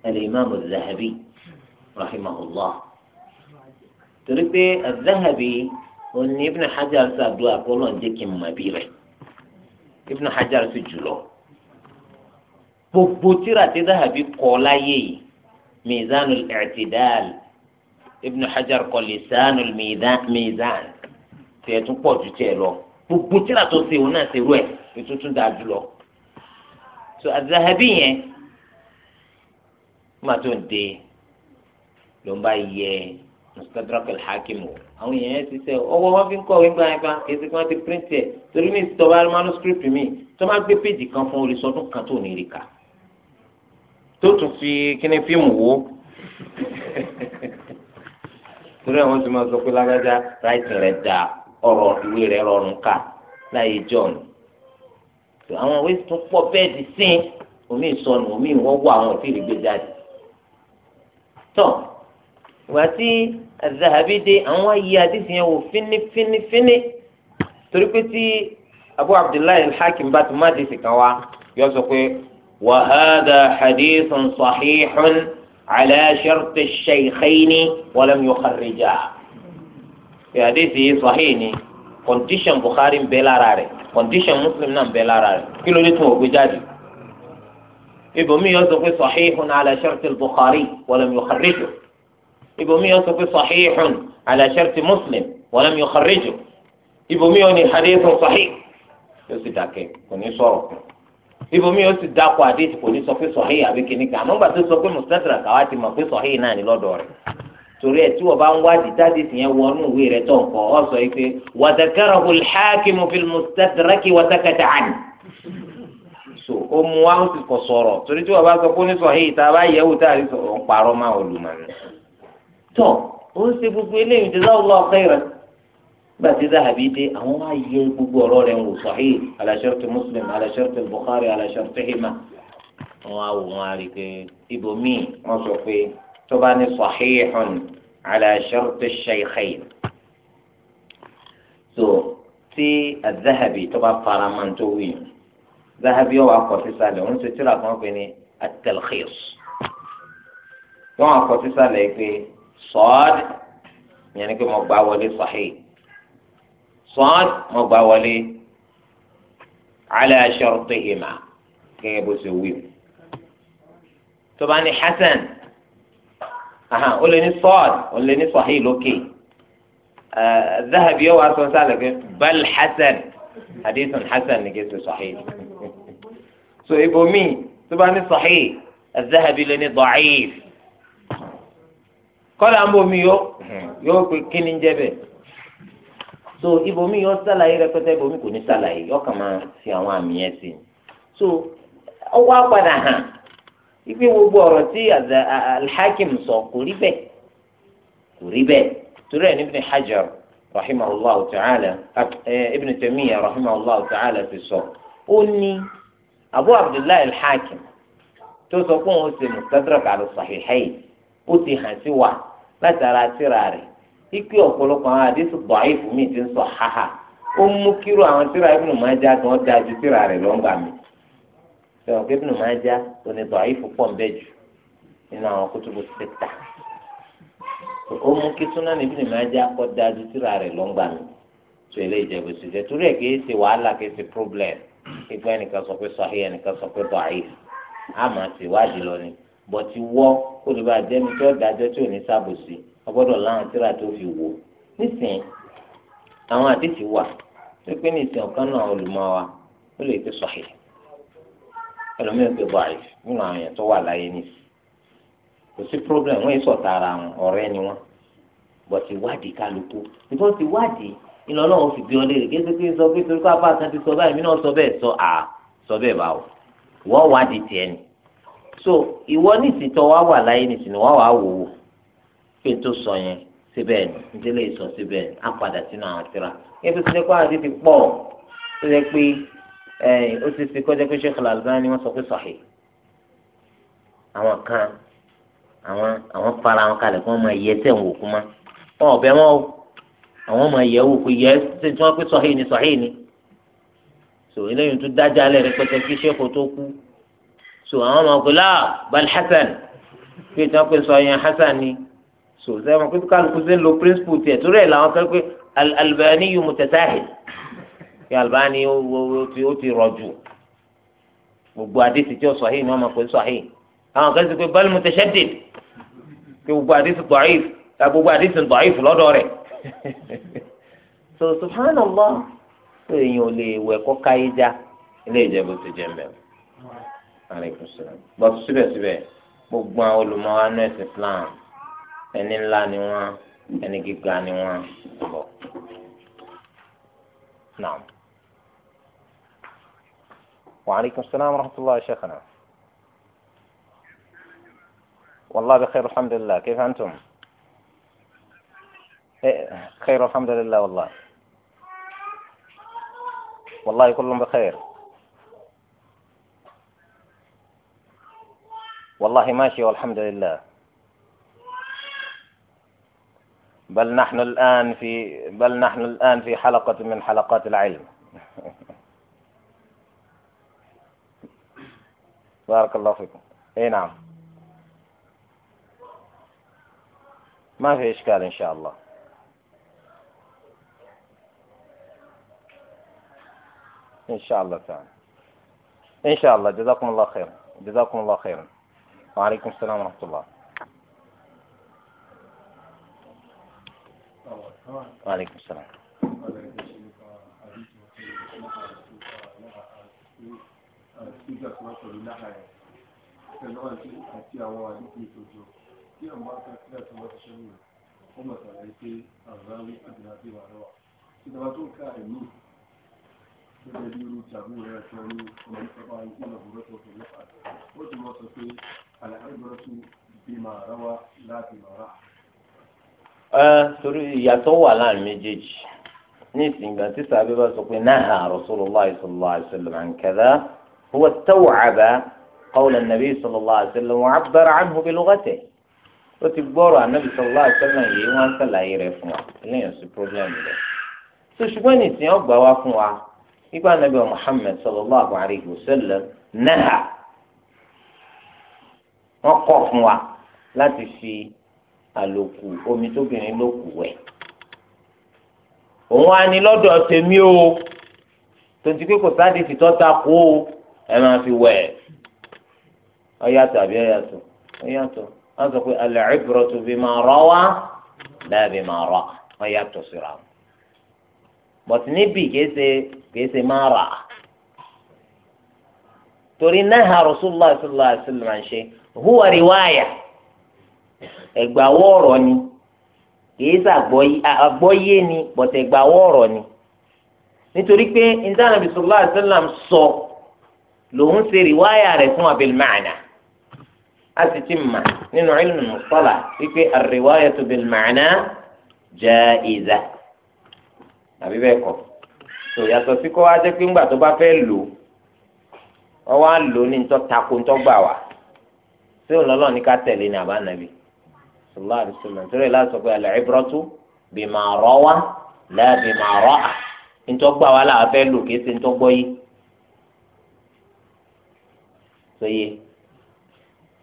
al-Imam al-Zahabi rahimahullah torí pé al-Zahabi òní Ibn Hajar sàdúrà kọ́lọ̀ ń jẹ́ kí n mọ̀ bí rẹ̀ Ibn Hajar sì jùlọ gbogbo tíra ti Zahabi kọ láyé yìí Mizanul I'tidal Ibn Hajar kọ Lisanul Mizan tiẹ̀ pọ̀ ju tiẹ̀ lọ gbogbo tíra tó ṣe òun náà ṣe rú ẹ̀ ètùtù dáa jùlọ so azahabi yẹn má tó ń de ló ń bá yẹ mustadrak alhakim o àwọn èèyàn ti sẹ ọwọ́ wọn fi ń kọ̀wé gba ẹgbà kìí kí wọn ti print ẹ torí mi ti tọba manuscript mi tó máa gbé péjì kan fún olùsọdún kan tó ní rí ka tó tún fi kíní fíìmù wò torí àwọn tí máa sọ pé lágbájá ráìtì rẹ dáa ọ̀rọ̀ ìwé rẹ rọrùn ká láyé john tó àwọn ìwé tún pọ̀ bẹ́ẹ̀ di sín omi ìsọnù omi ìwọ́wọ́ àwọn òfin ìgbé jáde. tọ́ ìwà tí Zahabi dé àwọn ayé àdìsí yẹn wò fínífínífíní torí pé tí Abu Abdullahi al-Hakim bá ti má dìsí kan wá yọ sọ pé wa hadithun sahihun ala sharti shaykhaini wa lam yukharrijah. ìwà àdìsí yìí sahih ni condition Bukhari ń bẹ lára rẹ̀ condition Muslim náà ń bẹ lára rẹ̀ kí ló dé tún ògbé jáde ibòmí yóò sọ pé sahihun ala sharti Bukhari wa lam yukharrijuhu ibòmí yóò sọ pé sahihun ala sharti Muslim wa lam yukharrijuhu ibòmí yóò ní hadithun sahih yóò sì dàkẹ́ kò ní sọ̀rọ̀ ibòmí yóò sì dàkọ̀ hadith kò ní sọ pé sahih àbí kìnnìkan àmọ́ gbàtó sọ pé mustadrak káwá ti mọ̀ pé sahih náà ní lọ́dọ̀ rẹ̀ torí ẹ tí wọn bá ń wádìí tádìsì yẹn wọnú ìwé rẹ tó nǹkan ọ sọ yìí pé wàtàkàrà al-hakim fil mustadrak wàtàkàtà àn so ó mu wá ó sì kọ sọ̀rọ̀ torí tí wọn bá sọ pé ó ní sọ hìí tá a bá yẹ wò tá a rí sọ ọ ń parọ́ máa olùmọ ni. tó ó ń ṣe gbogbo eléyìí jazakallahu khairan bá ti Zahabi dé àwọn wá yẹ gbogbo ọ̀rọ̀ rẹ̀ wò sahih ala sharti Muslim ala Bukhari ala shartihima wọn á wò wọn á rí pé ibòmíì wọn sọ pé يكتب صحيح على شرط الشيخين سو تي الذهبي تبع فارمان توين ذهبي هو أقوى في سالة ونسى ترى التلخيص يوم أقوى في سالة صاد يعني كما باولي صحيح صاد مباولي على شرطهما كيبو سويم تباني حسن ahan o lè ní sọọd o lè ní sọhí lókè zahabi yóò wá sọ sálẹ pé bal hasan hadithun hasan ni kìí ṣe sọhí so ibomi tó bá ní sọhí zahabi lè ní dọ̀ọ́if kọ́lá ń bomi yó yóò pe kíni ń so ibomi yóò sálàyé rẹpẹtẹ ibomi kò ní sálàyé yóò kàn máa fi àwọn àmì yẹn sí so ọwọ́ apàdà hàn ibi gbogbo ọ̀rọ̀ tí alhakim sọ kò rí bẹ́ẹ̀ kò rí bẹ́ẹ̀ torí ẹ̀ ní ibn hajar rahimahullah ta'ala ibn tamiya rahimahullah ta'ala fi sọ ó ní abu abdullahi alhakim tó sọ pé òun ṣe mustadrak ala sahihayn ó ti hàn sí wa látara síra rẹ̀ ikú ọ̀pọ̀lọpọ̀ àwọn àdéhùn da'if mi ti ń sọ haha ó mú kíró àwọn síra ibn majah tó ń dájú síra rẹ̀ lọ́ngbà mi sọ̀rọ̀ kébìnú máa já onídọ̀ àyífò pọ̀ nbẹ jù nínú àwọn kótópó sẹ́tà ó mú kí súná níbìnú máa já kọ́ dájú síra rẹ̀ lọ́ngbà mi tó ilé ìjẹ̀bù sí jẹ́ torí ẹ̀ kì í ṣe wàhálà kì í ṣe problem ìgbà ẹnìkan sọ pé sahih ẹnìkan sọ pé dọ̀ àyíf á máa ṣe ìwádìí lọ ni bọ̀tí wọ́ kó lè bá jẹ́mi tó dájọ́ tí ò ní sábòsí ọgbọ́dọ̀ láwọn tíra tó fi wò nísìnyí àwọn àdéhìí wà pé pé nísìnyí ọ̀kan náà olùmọ̀ wa ó lè fi sahih ẹlòmíràn ti bọ̀ àyè nínú àwọn èèyàn tó wà láyé ní kò sí problem wọ́n yìí sọ̀tà ara wọn ọ̀rẹ́ ni wọ́n bọ̀ ti wádìí kálukú nítorí ti wádìí ìlọ ọlọ́run fi bí wọn léèrè kí ẹsẹ̀ sọ pé torí káfá kan ti sọ báyìí mí sọ bẹ́ẹ̀ sọ à sọ bẹ́ẹ̀ báwo wọ́n wádìí tiẹ̀ ni so ìwọ nìsín tó wá wà láyé nìsín ni wọ́n wà wò wò pé tó sọ yẹn síbẹ̀ ni nítorí ìsọ síbẹ̀ ni á padà sínú àwọn tírà kí ẹsẹ̀ sọ pé ó ti fi kọjá pé Sheikh Al-Albani wọ́n sọ pé sahih àwọn kan àwọn àwọn fara wọn kalẹ̀ kí wọ́n máa yẹ ẹsẹ̀ wò kú mọ́ wọn ọ̀bẹ wọn o àwọn máa yẹ wò kú yẹ ẹsẹ̀ tí wọ́n pé sahih ni sahih ni so eléyìí tó dájà lẹ̀ rẹpẹtẹ kí Sheikh tó kú so àwọn ọmọ ọkùnrin láà bal Hasan pé tí wọ́n pè sahih Hasan ni so sẹ́wọ̀n pé kálukú sí ń lo principle tiẹ̀ torí ẹ̀ làwọn kan pé Al-Albani yìí mutasahil kí Albani ó ti ó ti rọ̀jù gbogbo àdìsí tí ó sahih ni wọ́n máa pè sahih àwọn kan ti pé bal mutashaddid kí gbogbo àdìsí da'if ká gbogbo àdìsí da'if lọ́dọ̀ rẹ̀ so subhanallah tó èèyàn ò lè wẹ̀ kọ́ káyé já ilé ìjẹ́bù ti jẹ́ mẹ́rin aleykum salaam bọ́tù síbẹ̀síbẹ̀ gbogbo àwọn olùmọ̀wá nọ́ọ̀sì Islam ẹni ńlá ni wọ́n ẹni gíga ni wọ́n bọ̀ náà. وعليكم السلام ورحمة الله يا شيخنا والله بخير الحمد لله كيف أنتم إيه، خير الحمد لله والله والله كلهم بخير والله ماشي والحمد لله بل نحن الآن في بل نحن الآن في حلقة من حلقات العلم بارك الله فيكم اي نعم ما في اشكال ان شاء الله ان شاء الله تعالى ان شاء الله جزاكم الله خيرا جزاكم الله خيرا وعليكم السلام ورحمه الله وعليكم السلام spíkà tí wọ́n sọ̀rọ̀ láha ẹ̀ pẹ̀lú àti àti àwọn àdúgbò ìtòjọ tí àwọn bá fẹ́ sílẹ̀ tí wọ́n ti ṣẹ́yìn rẹ̀ ó mọ̀ sàlàyé pé àzáwí àdìlábí wà lọ́wọ́ ìjọba tó ń ká ẹ̀mí gẹ́gẹ́ bí irú tàbí rẹ̀ tó ní ọmọ ìjọba ń gbọ́n lọ́wọ́ tó fi lọ́pàá ó ti mọ̀ sọ pé àlàkàgbọ́n tó bí màá rọ́wà láti màá rà. torí ìyàtọ̀ wà láàrin méjèèjì ní ìsìnkà tí sàbẹ̀ bá sọ pé náà Rasulullah sallallahu alaihi wasallam هو استوعب قول النبي صلى الله عليه وسلم وعبر عنه بلغته ó ti gbọ́rọ̀ ànábì sọ̀rọ̀ àtẹ́lẹ̀ yìí wọ́n ń ṣàlàyé rẹ̀ fún wa eléyàn sí pírọ́blẹ́mù rẹ̀. tó ṣùgbọ́n nìsín ọgbà wa fún wa nígbà ànábì Muhammad sallallahu alaihi wasallam náà wọ́n kọ̀ fún wa láti fi àlòkù omi tóbìnrin lókù wẹ̀. òun á ní lọ́dọ̀ tèmi o tó ti pé kò sáà di fìtọ́ ta kó o. ẹ máa fi wẹ̀ ọ yàtọ̀ àbí ọ yàtọ̀ ọ yàtọ̀ wọ́n sọ pé al-ibratu bima rawa la bima ra'a ọ yàtọ̀ síra bọ̀tí níbi kìí ṣe kìí ṣe máa rà á torí náà rasulillah sallallahu alaihi wa sallam à ń ṣe huwa riwaya ẹgbàwọ ọ̀rọ̀ ni àgbọ́yé ni bọtẹ ẹgbàwọ ni nítorí pé ìdáná bisalòlá àṣẹlám sọ lòun ṣe rìwáyà rẹ̀ fún abil ma'na a sì ti mà nínú ilmu mustalah wípé ar-riwayatu bil ma'na ja'iza àbí bẹ́ẹ̀ kọ́ tó yàtọ̀ sí kó wá jẹ́ pé ńgbà tó bá fẹ́ lò wọ́n wá lò ní ntọ́ tako ntọ́ gbà wá sí òǹlọ́lọ́ ní ká tẹ̀lé ní àbánabi sallallahu alaihi wasallam torí láti pé al-ibratu bima rawa la bima ra'a ntọ́ gbà wá làwọn fẹ́ lò kí ẹ ṣe ntọ́ gbọ́ yìí sọyẹ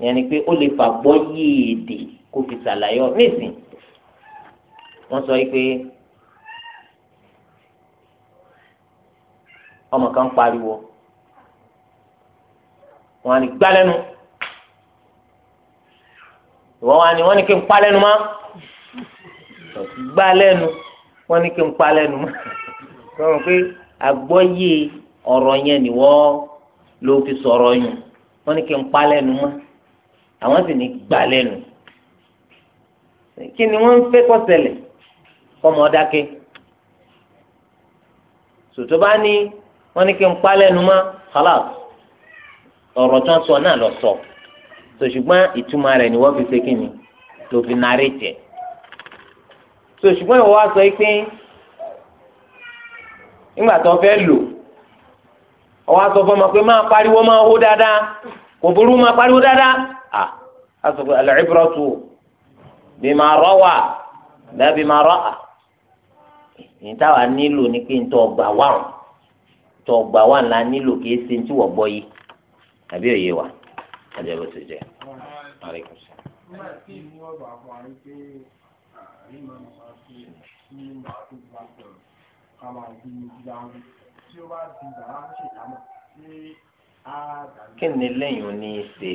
yẹn ni pé ó lè fà gbọ́ yéèdè kó fi ṣàlàyé ọ nísìn wọ́n sọ yìí pé ọmọ kan pariwo wọ́n á ní gbálẹ́nu ìwọ wa ni kí n palẹ́nu mọ́ gbálẹ́nu wọ́n ní kí n palẹ́nu mọ́ sọ̀rọ̀ pé àgbọ́yé ọ̀rọ̀ yẹn ni wọ́n ló fi sọ̀rọ̀ yùn wọ́n ní kí n pa mọ́ àwọn sì ní gbà kí ni wọ́n ń fẹ́ kó ṣẹlẹ̀ kọ́mọ dákẹ́ sòtò bá ní wọ́n ní kí n pa lẹ́nu mọ́ khalas ọ̀rọ̀ tó ń sọ náà lọ sọ sòṣùgbọ́n ìtumọ̀ rẹ̀ ni wọ́n fi ṣe kí ni tó fi narí jẹ sòṣùgbọ́n ìwọ wá sọ pé nígbà tó fẹ́ lò ọwọ́ aṣọ fọmọ pé máa pariwo máa hó dáadáa kò burú máa pariwo dáadáa à aṣọ pé al-ibratu bima rawa la bima ra'a ní táwa nílò ní pé ntọ́ gbà wà ń tọ́ gbà wà ńlá nílò kìí ṣe ní tí wọ́n gbọ́ yìí àbí òye wa àjẹ́ bó ti jẹ́ Thank you. tí ó bá di bàbá ṣèkámọ̀ tí a dà ní. kí ni lẹ́yìn òní ṣe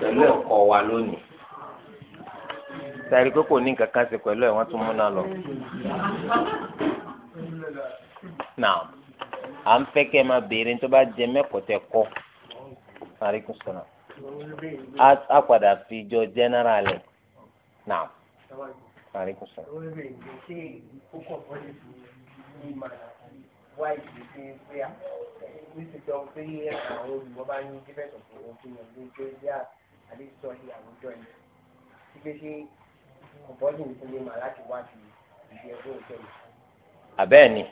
pẹ̀lú ẹ̀kọ́ wa lónìí sáré pé kò ní nǹkan kan ṣe pẹ̀lú ẹ̀ wọ́n tún lọ. à ń fẹ́ kẹ́ ẹ máa béèrè tó bá jẹ kọ́ sọ̀rọ̀ a padà fi jọ general ẹ̀ now sọ̀rọ̀. wá ìgbésí prayer nísìsiyọ pé àwọn olùwọ́ bá ní different of opinion ló pé bí àdéhùsọ ní àwùjọ yìí tí pé ṣé ọ̀bọ́dù ìpínlẹ̀ mà láti wá sí ìdí ẹgbẹ́ òṣèlú. àbẹ́ẹ̀ni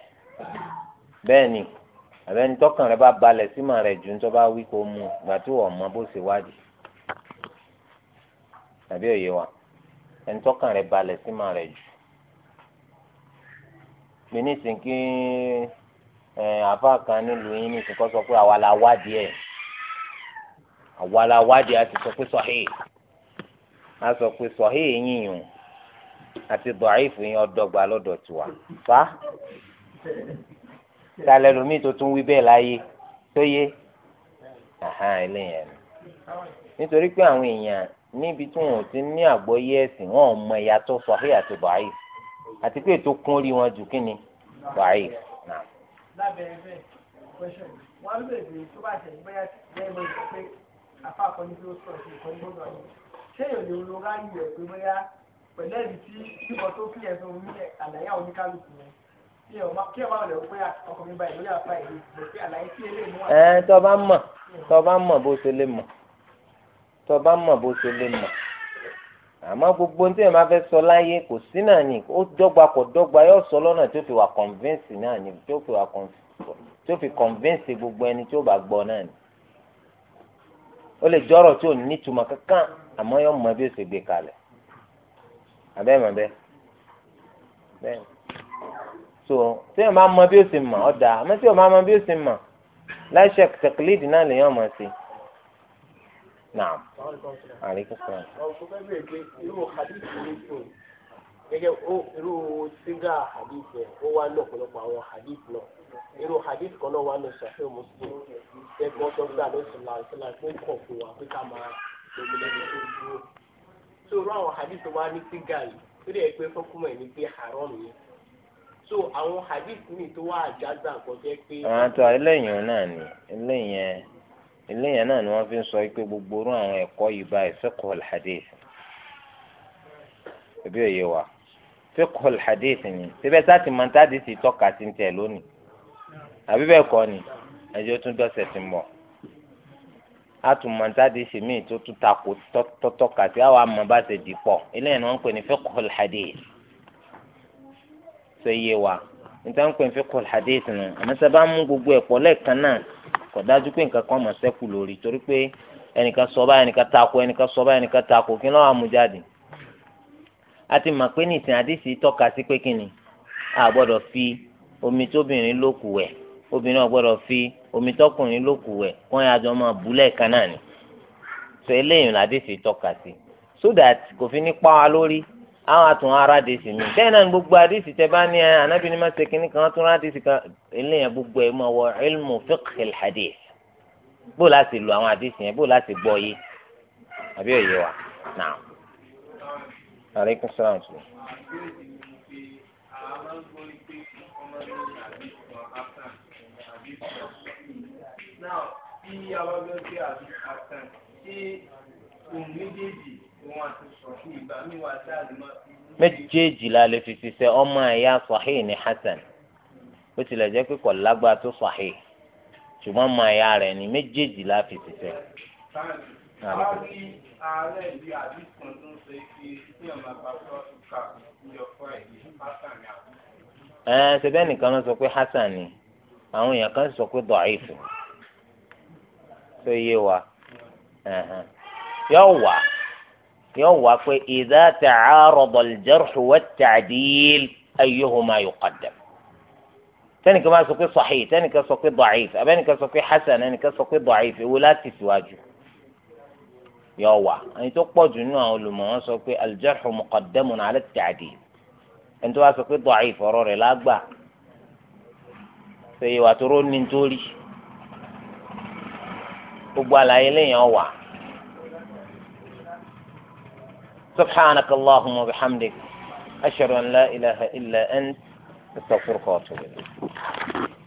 bẹ́ẹ̀ni àbẹ́ni tọkàn rẹ bá balẹ̀ símọ̀ rẹ̀ jù tó bá wí kó mú gbà tó wọ̀ mọ́ bó ṣe wádìí tàbí òye wa ẹni tọkàn rẹ balẹ̀ símọ̀ rẹ̀ jù pé nísìnyí kí. Eh, àfa kan nílùú yín ní ìsìnkọ́ sọ pé àwa la wádìí ẹ̀ àwa la wádìí àti sọ pé sọ̀hí a sọ pé sọ̀hí yíyùn àti dọ̀ọ́ìfù yín ọ̀dọ́gba lọ́dọ̀ tiwa fa talẹ̀ lómi tó tún wí bẹ́ẹ̀ láyé tó yé eléyẹn nítorí pé àwọn èèyàn níbi tí wọn ò ti ní àgbọ́yé ẹ̀sìn wọn ò mọ ìyàtọ̀ sọ̀hí àti dọ̀ọ́ìfù àti pé ètò kún orí wọn jù kí ni dọ̀ọ́ìfù. lábẹ́ ẹgbẹ́ pẹ́ṣọ̀ wọ́n lè gbé tó bá tẹ̀ bóyá lẹ́yìn mọ́ ìgbà pé apá àkọ́ni tó sọ̀rọ̀ sí ìkọ́ni gbọ́dọ̀ yìí ṣé èèyàn lè ro ráyè rẹ̀ pé bóyá pẹ̀lẹ́ ibi tí kíkọ tó fi ẹ̀sùn ní àlàyé àwọn oníkálukú yẹn kí ẹ̀ máa lọ pé ọkọ̀ mi báyìí lórí apá ìlú pé àlàyé tí eléyìí mú wà. ẹ tọ́ bá mọ̀ tọ́ bá mọ̀ bó ṣe lè mọ̀ tọ́ bá mọ̀ bó ṣe lè mọ̀ àmọ́ gbogbo ní tí èèyàn máa fẹ́ sọ láyé kò sí náà ni ó dọ́gba kò dọ́gba yóò sọ lọ́nà tó fi wà convince náà ni tó fi wà tó fi convince gbogbo ẹni tó bá gbọ́ náà ni ó lè jọ́rọ̀ tí ò kankan àmọ́ yóò mọ bí ó ṣe gbé kalẹ̀ abẹ́ mọ̀ bẹ́ẹ̀ bẹ́ẹ̀ so tí èèyàn máa mọ bí ó ṣe mọ̀ ọ́ dáa àmọ́ tí èèyàn máa mọ bí ó ṣe mọ̀ láìsẹ̀ tẹ̀kílíìdì náà lèèyàn mọ̀ sí i naam aleykum salaam. ọ̀pọ̀ fẹ́ bẹ̀rẹ̀ pé irú hadith ní sùn gẹ́gẹ́ irú sígá hadith yẹn ó wá ní ọ̀pọ̀lọpọ̀ àwọn hadith náà irú hadith kan náà wà ní sahih muslim ẹgbẹ́ tó gbà ló sì máa ṣe láti ń kọ̀ fún wa pé ká máa lómi lẹ́nu tó dúró. so irú àwọn hadith wá ní sígá yìí tó dẹ̀ pé fọ́kúmọ̀ ẹ̀ ní pé haram yẹn so àwọn hadith míì tó wà àjáza nǹkan jẹ́ pé. àwọn àtọ ẹlẹ́yìn náà ni ẹlẹ́yìn eléyàn náà ni wọ́n fi ń sọ pé gbogbo orú àwọn ẹ̀kọ́ yìí báyìí fiqh al-hadith ẹbí òye wa fiqh al-hadith ni síbẹ̀ sáàtì mọ̀ntàdì sì tọ́ka sí tẹ̀ lónìí àbí bẹ́ẹ̀ kọ́ ni ẹjọ́ tún dọ́sẹ̀ sí mọ́ àtùmọ̀ntàdì sì míì tó tún takò tọ́tọ́ka sí àwọn amọ̀bàṣẹ̀ dìpọ̀ eléyàn ni wọ́n ń pè ní fiqh al ṣe yé wa níta ń pè ní fiqh al-hadith àmọ́ sábà mú gbogbo ẹ̀kọ́ lẹ́ẹ̀kan náà kò dájú pé nǹkan kan máa ṣẹ́kù lórí torí pé ẹnìkan sọ báyìí ẹnìkan tako ẹnìkan sọ ẹnìkan tako kí ló wà mú jáde a ti mọ̀ pé ní ìsìn àdìsí tọ́ka sí pé kíni a gbọ́dọ̀ fi omi tóbìnrin lókù wẹ̀ obìnrin ò gbọ́dọ̀ fi omi tọkùnrin lókù wẹ̀ kó yẹn àjọ máa bú lẹ́ẹ̀kan náà ni so eléyìí làdìsí tọ́ka sí so that kò fi ní pa wa lórí àwọn àtún aráàdìsì mi bẹ́ẹ̀ náà gbogbo àdìsì tẹ bá ní anábì ní máa ṣe kínní kan tún aráàdìsì kan eléyàn gbogbo ẹ̀ máa wọ ilmu fiqhil hadith bó láti lo àwọn àdìsì yẹn bó láti gbọ́ yé àbí òye wa náà. aleykum salaam tu. a bá gbé pé àti àtàn, ṣé méjèèjì la lè fi ṣiṣẹ́ ọmọ ẹ̀yà sahih ní hasan bó tilẹ̀ jẹ́ pé kò lágbára tó sahih ṣùgbọ́n ọmọ ẹ̀yà rẹ̀ ní méjèèjì la fi ṣiṣẹ́. ẹ ṣẹbẹ́ nìkan ló sọ pé hasan ni àwọn èèyàn kan sọ pé da'if tó yé wa yọ wà. يو واقف إذا تعارض الجرح والتعديل أيهما يقدم تاني كما سوقي صحيح تاني كسوقي ضعيف أباني كسوقي حسن أباني كسوقي ضعيف ولا تسواجه يوا أني يعني تقوى جنوة لما سوقي الجرح مقدم على التعديل أنت سوقي ضعيف وروري لاقبا سيواترون من تولي أبوالا إليه يوا سبحانك اللهم وبحمدك أشهد أن لا إله إلا أنت استغفرك واتوب إليك